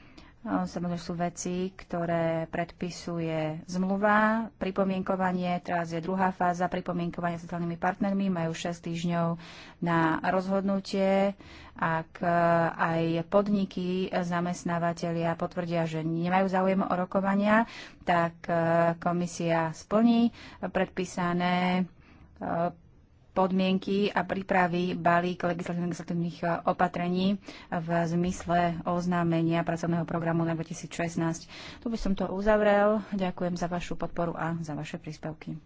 Samozrejme sú veci, ktoré predpisuje zmluva, pripomienkovanie, teraz je druhá fáza pripomienkovania s sociálnymi partnermi, majú 6 týždňov na rozhodnutie. Ak e, aj podniky, e, zamestnávateľia potvrdia, že nemajú záujem o rokovania, tak e, komisia splní predpísané podmienky a pripraví balík legislatívnych eh, opatrení v zmysle oznámenia pracovného programu na 2016. Tu by som to uzavrel. Ďakujem za vašu podporu a za vaše príspevky.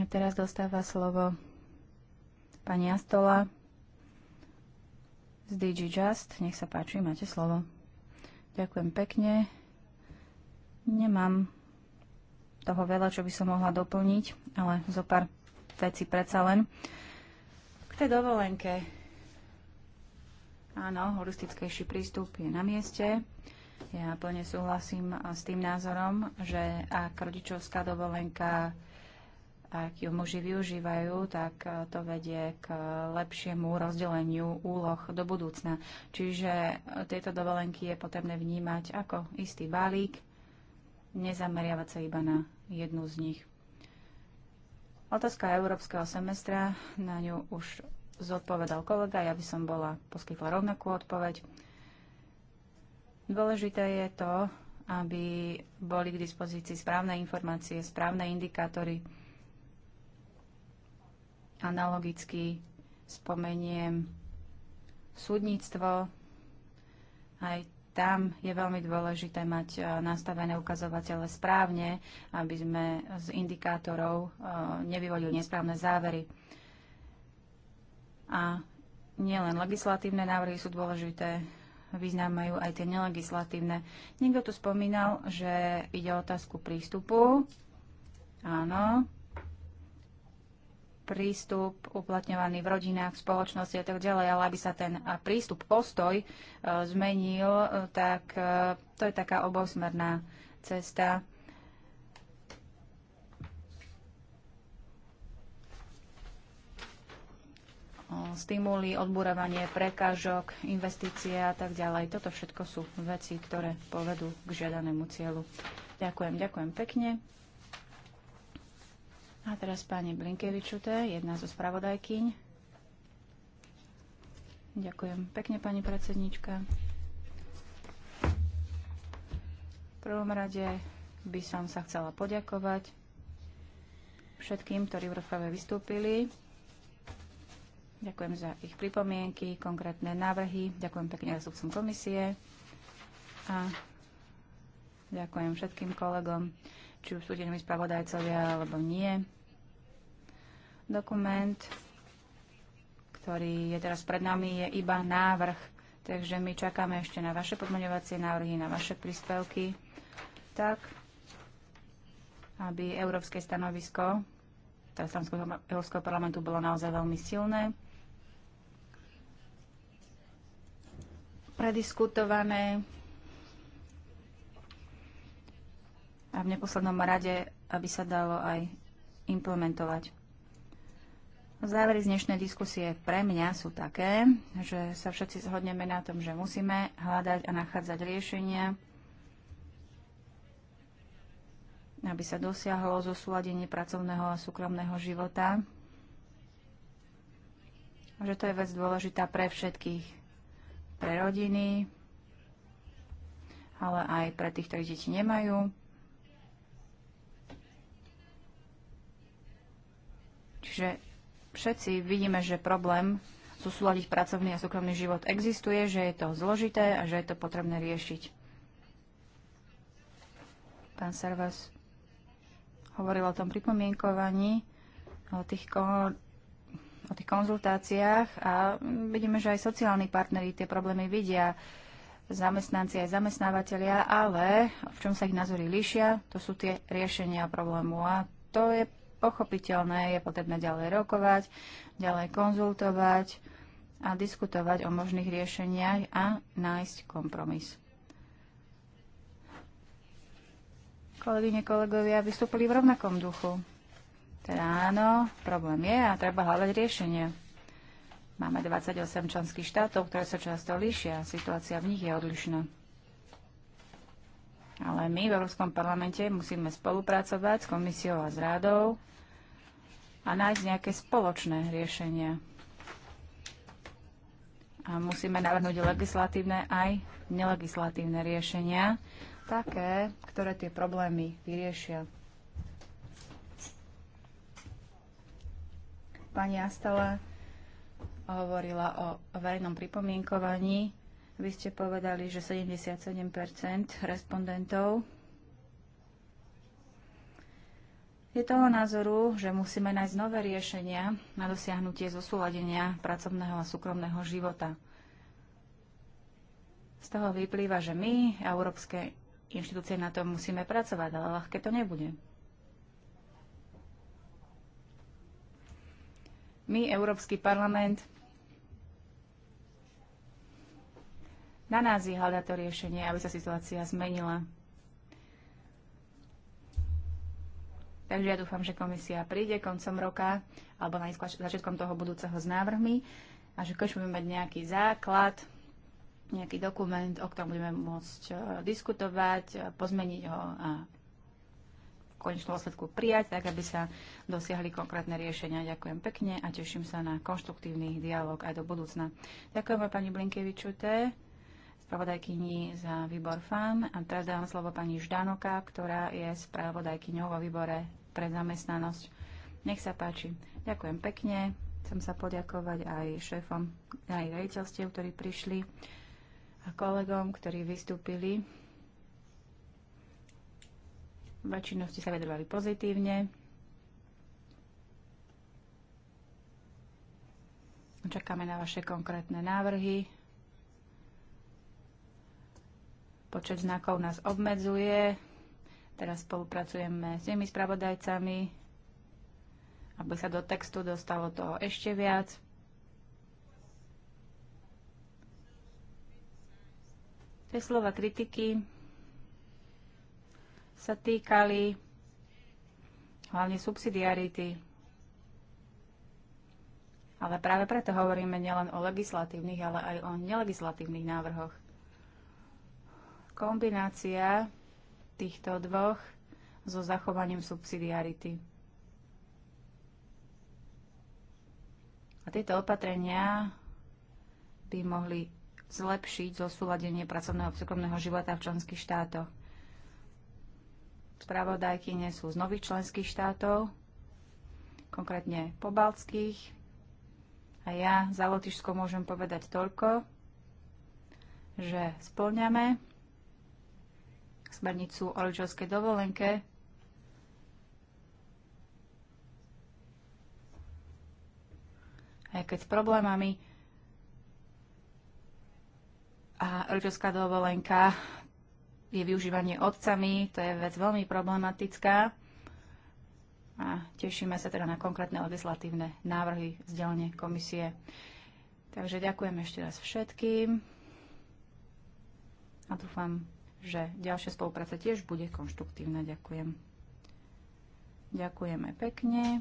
A teraz dostáva slovo pani Astola z DG Just. Nech sa páči, máte slovo. Ďakujem pekne. Nemám toho veľa, čo by som mohla doplniť, ale zo pár vecí predsa len. K tej dovolenke. Áno, holistickejší prístup je na mieste. Ja plne súhlasím s tým názorom, že ak rodičovská dovolenka, ak ju muži využívajú, tak e, to vedie k lepšiemu rozdeleniu úloh do budúcna. Čiže e, tieto dovolenky je potrebné vnímať ako istý balík, nezameriavať sa iba na jednu z nich. Otázka európskeho semestra, na ňu už zodpovedal kolega, ja by som bola poskytla rovnakú odpoveď. Dôležité je to, aby boli k dispozícii správne informácie, správne indikátory. Analogicky spomeniem súdnictvo, aj tam je veľmi dôležité mať e, nastavené ukazovatele správne, aby sme z indikátorov e, nevyvodili nesprávne závery. A nielen legislatívne návrhy sú dôležité, vyznámajú aj tie nelegislatívne. Niekto tu spomínal, že ide o otázku prístupu. Áno, prístup uplatňovaný v rodinách, v spoločnosti a tak ďalej, ale aby sa ten prístup, postoj e, zmenil, e, tak e, to je taká obosmerná cesta. Stimuli, odburovanie prekážok, investície a tak ďalej. Toto všetko sú veci, ktoré povedú k žiadanému cieľu. Ďakujem, ďakujem pekne. A teraz pani Blinkevičuté, jedna zo spravodajkyň. Ďakujem pekne, pani predsednička. V prvom rade by som sa chcela poďakovať všetkým, ktorí v rozprave vystúpili. Ďakujem za ich pripomienky, konkrétne návrhy. Ďakujem pekne zástupcom komisie a ďakujem všetkým kolegom, či už sú tie spravodajcovia alebo nie. Dokument, ktorý je teraz pred nami, je iba návrh, takže my čakáme ešte na vaše podmaňovacie návrhy, na vaše príspevky, tak aby európske stanovisko teda Európskeho parlamentu bolo naozaj veľmi silné. Prediskutované, a v neposlednom rade, aby sa dalo aj implementovať. Závery z dnešnej diskusie pre mňa sú také, že sa všetci zhodneme na tom, že musíme hľadať a nachádzať riešenia, aby sa dosiahlo zosúladenie pracovného a súkromného života. Že to je vec dôležitá pre všetkých. Pre rodiny, ale aj pre tých, ktorí deti nemajú Čiže všetci vidíme, že problém zosúľadiť pracovný a súkromný život existuje, že je to zložité a že je to potrebné riešiť. Pán Servas hovoril o tom pripomienkovaní, o tých, o tých konzultáciách a vidíme, že aj sociálni partneri tie problémy vidia, zamestnanci aj zamestnávateľia, ale v čom sa ich názory líšia, to sú tie riešenia problému a to je pochopiteľné, je potrebné ďalej rokovať, ďalej konzultovať a diskutovať o možných riešeniach a nájsť kompromis. Kolegyne, kolegovia vystúpili v rovnakom duchu. Teda áno, problém je a treba hľadať riešenie. Máme 28 členských štátov, ktoré sa často líšia. Situácia v nich je odlišná. Ale my v Európskom parlamente musíme spolupracovať s komisiou a s rádou a nájsť nejaké spoločné riešenia. A musíme navrhnúť legislatívne aj nelegislatívne riešenia, také, ktoré tie problémy vyriešia. Pani Astala hovorila o verejnom pripomienkovaní vy ste povedali, že 77 respondentov je toho názoru, že musíme nájsť nové riešenia na dosiahnutie zosúladenia pracovného a súkromného života. Z toho vyplýva, že my, európske inštitúcie, na tom musíme pracovať, ale ľahké to nebude. My, Európsky parlament, Na nás je hľadať to riešenie, aby sa situácia zmenila. Takže ja dúfam, že komisia príde koncom roka alebo na začiatkom toho budúceho s návrhmi a že keď budeme mať nejaký základ, nejaký dokument, o ktorom budeme môcť e, diskutovať, e, pozmeniť ho a v konečnom dôsledku prijať, tak aby sa dosiahli konkrétne riešenia. Ďakujem pekne a teším sa na konštruktívny dialog aj do budúcna. Ďakujeme pani Blinkevičute spravodajkyni za výbor FAM a teraz dávam slovo pani Ždanoka, ktorá je spravodajkyňou vo výbore pre zamestnanosť. Nech sa páči. Ďakujem pekne. Chcem sa poďakovať aj šéfom, aj rejiteľstiev, ktorí prišli a kolegom, ktorí vystúpili. Väčšinou ste sa vedovali pozitívne. Čakáme na vaše konkrétne návrhy Počet znakov nás obmedzuje. Teraz spolupracujeme s tými spravodajcami, aby sa do textu dostalo toho ešte viac. Tie slova kritiky sa týkali hlavne subsidiarity. Ale práve preto hovoríme nielen o legislatívnych, ale aj o nelegislatívnych návrhoch kombinácia týchto dvoch so zachovaním subsidiarity. A tieto opatrenia by mohli zlepšiť zosúladenie pracovného a súkromného života v členských štátoch. Spravodajky nie sú z nových členských štátov, konkrétne pobaltských. A ja za Lotyšsko môžem povedať toľko, že splňame smernicu o rodičovskej dovolenke. Aj keď s problémami a rodičovská dovolenka je využívanie otcami, to je vec veľmi problematická a tešíme sa teda na konkrétne legislatívne návrhy z dielne komisie. Takže ďakujem ešte raz všetkým a dúfam, že ďalšia spolupráca tiež bude konštruktívna. Ďakujem. Ďakujeme pekne.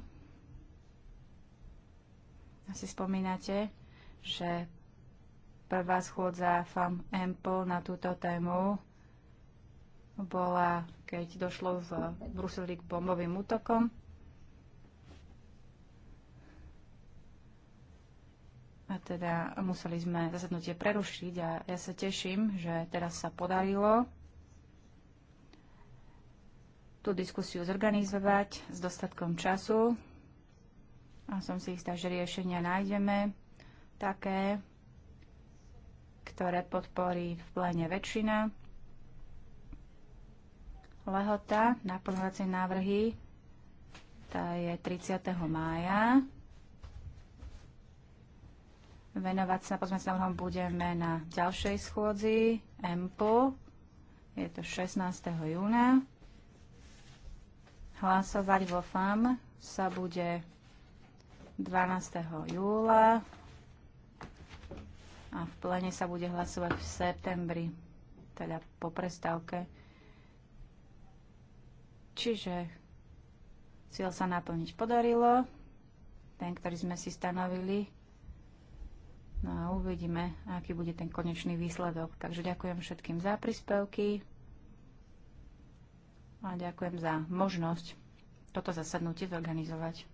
Asi spomínate, že prvá schôdza FAM EMPL na túto tému bola, keď došlo v Bruseli k bombovým útokom. A teda museli sme zasadnutie prerušiť a ja sa teším, že teraz sa podarilo tú diskusiu zorganizovať s dostatkom času. A som si istá, že riešenia nájdeme také, ktoré podporí v pléne väčšina. Lehota na plnovacie návrhy tá je 30. mája Venovať sa pozmeňovacím návrhom budeme na ďalšej schôdzi EMPO. Je to 16. júna. Hlasovať vo FAM sa bude 12. júla a v plene sa bude hlasovať v septembri, teda po prestávke. Čiže cieľ sa naplniť podarilo, ten, ktorý sme si stanovili No a uvidíme, aký bude ten konečný výsledok. Takže ďakujem všetkým za príspevky a ďakujem za možnosť toto zasadnutie zorganizovať.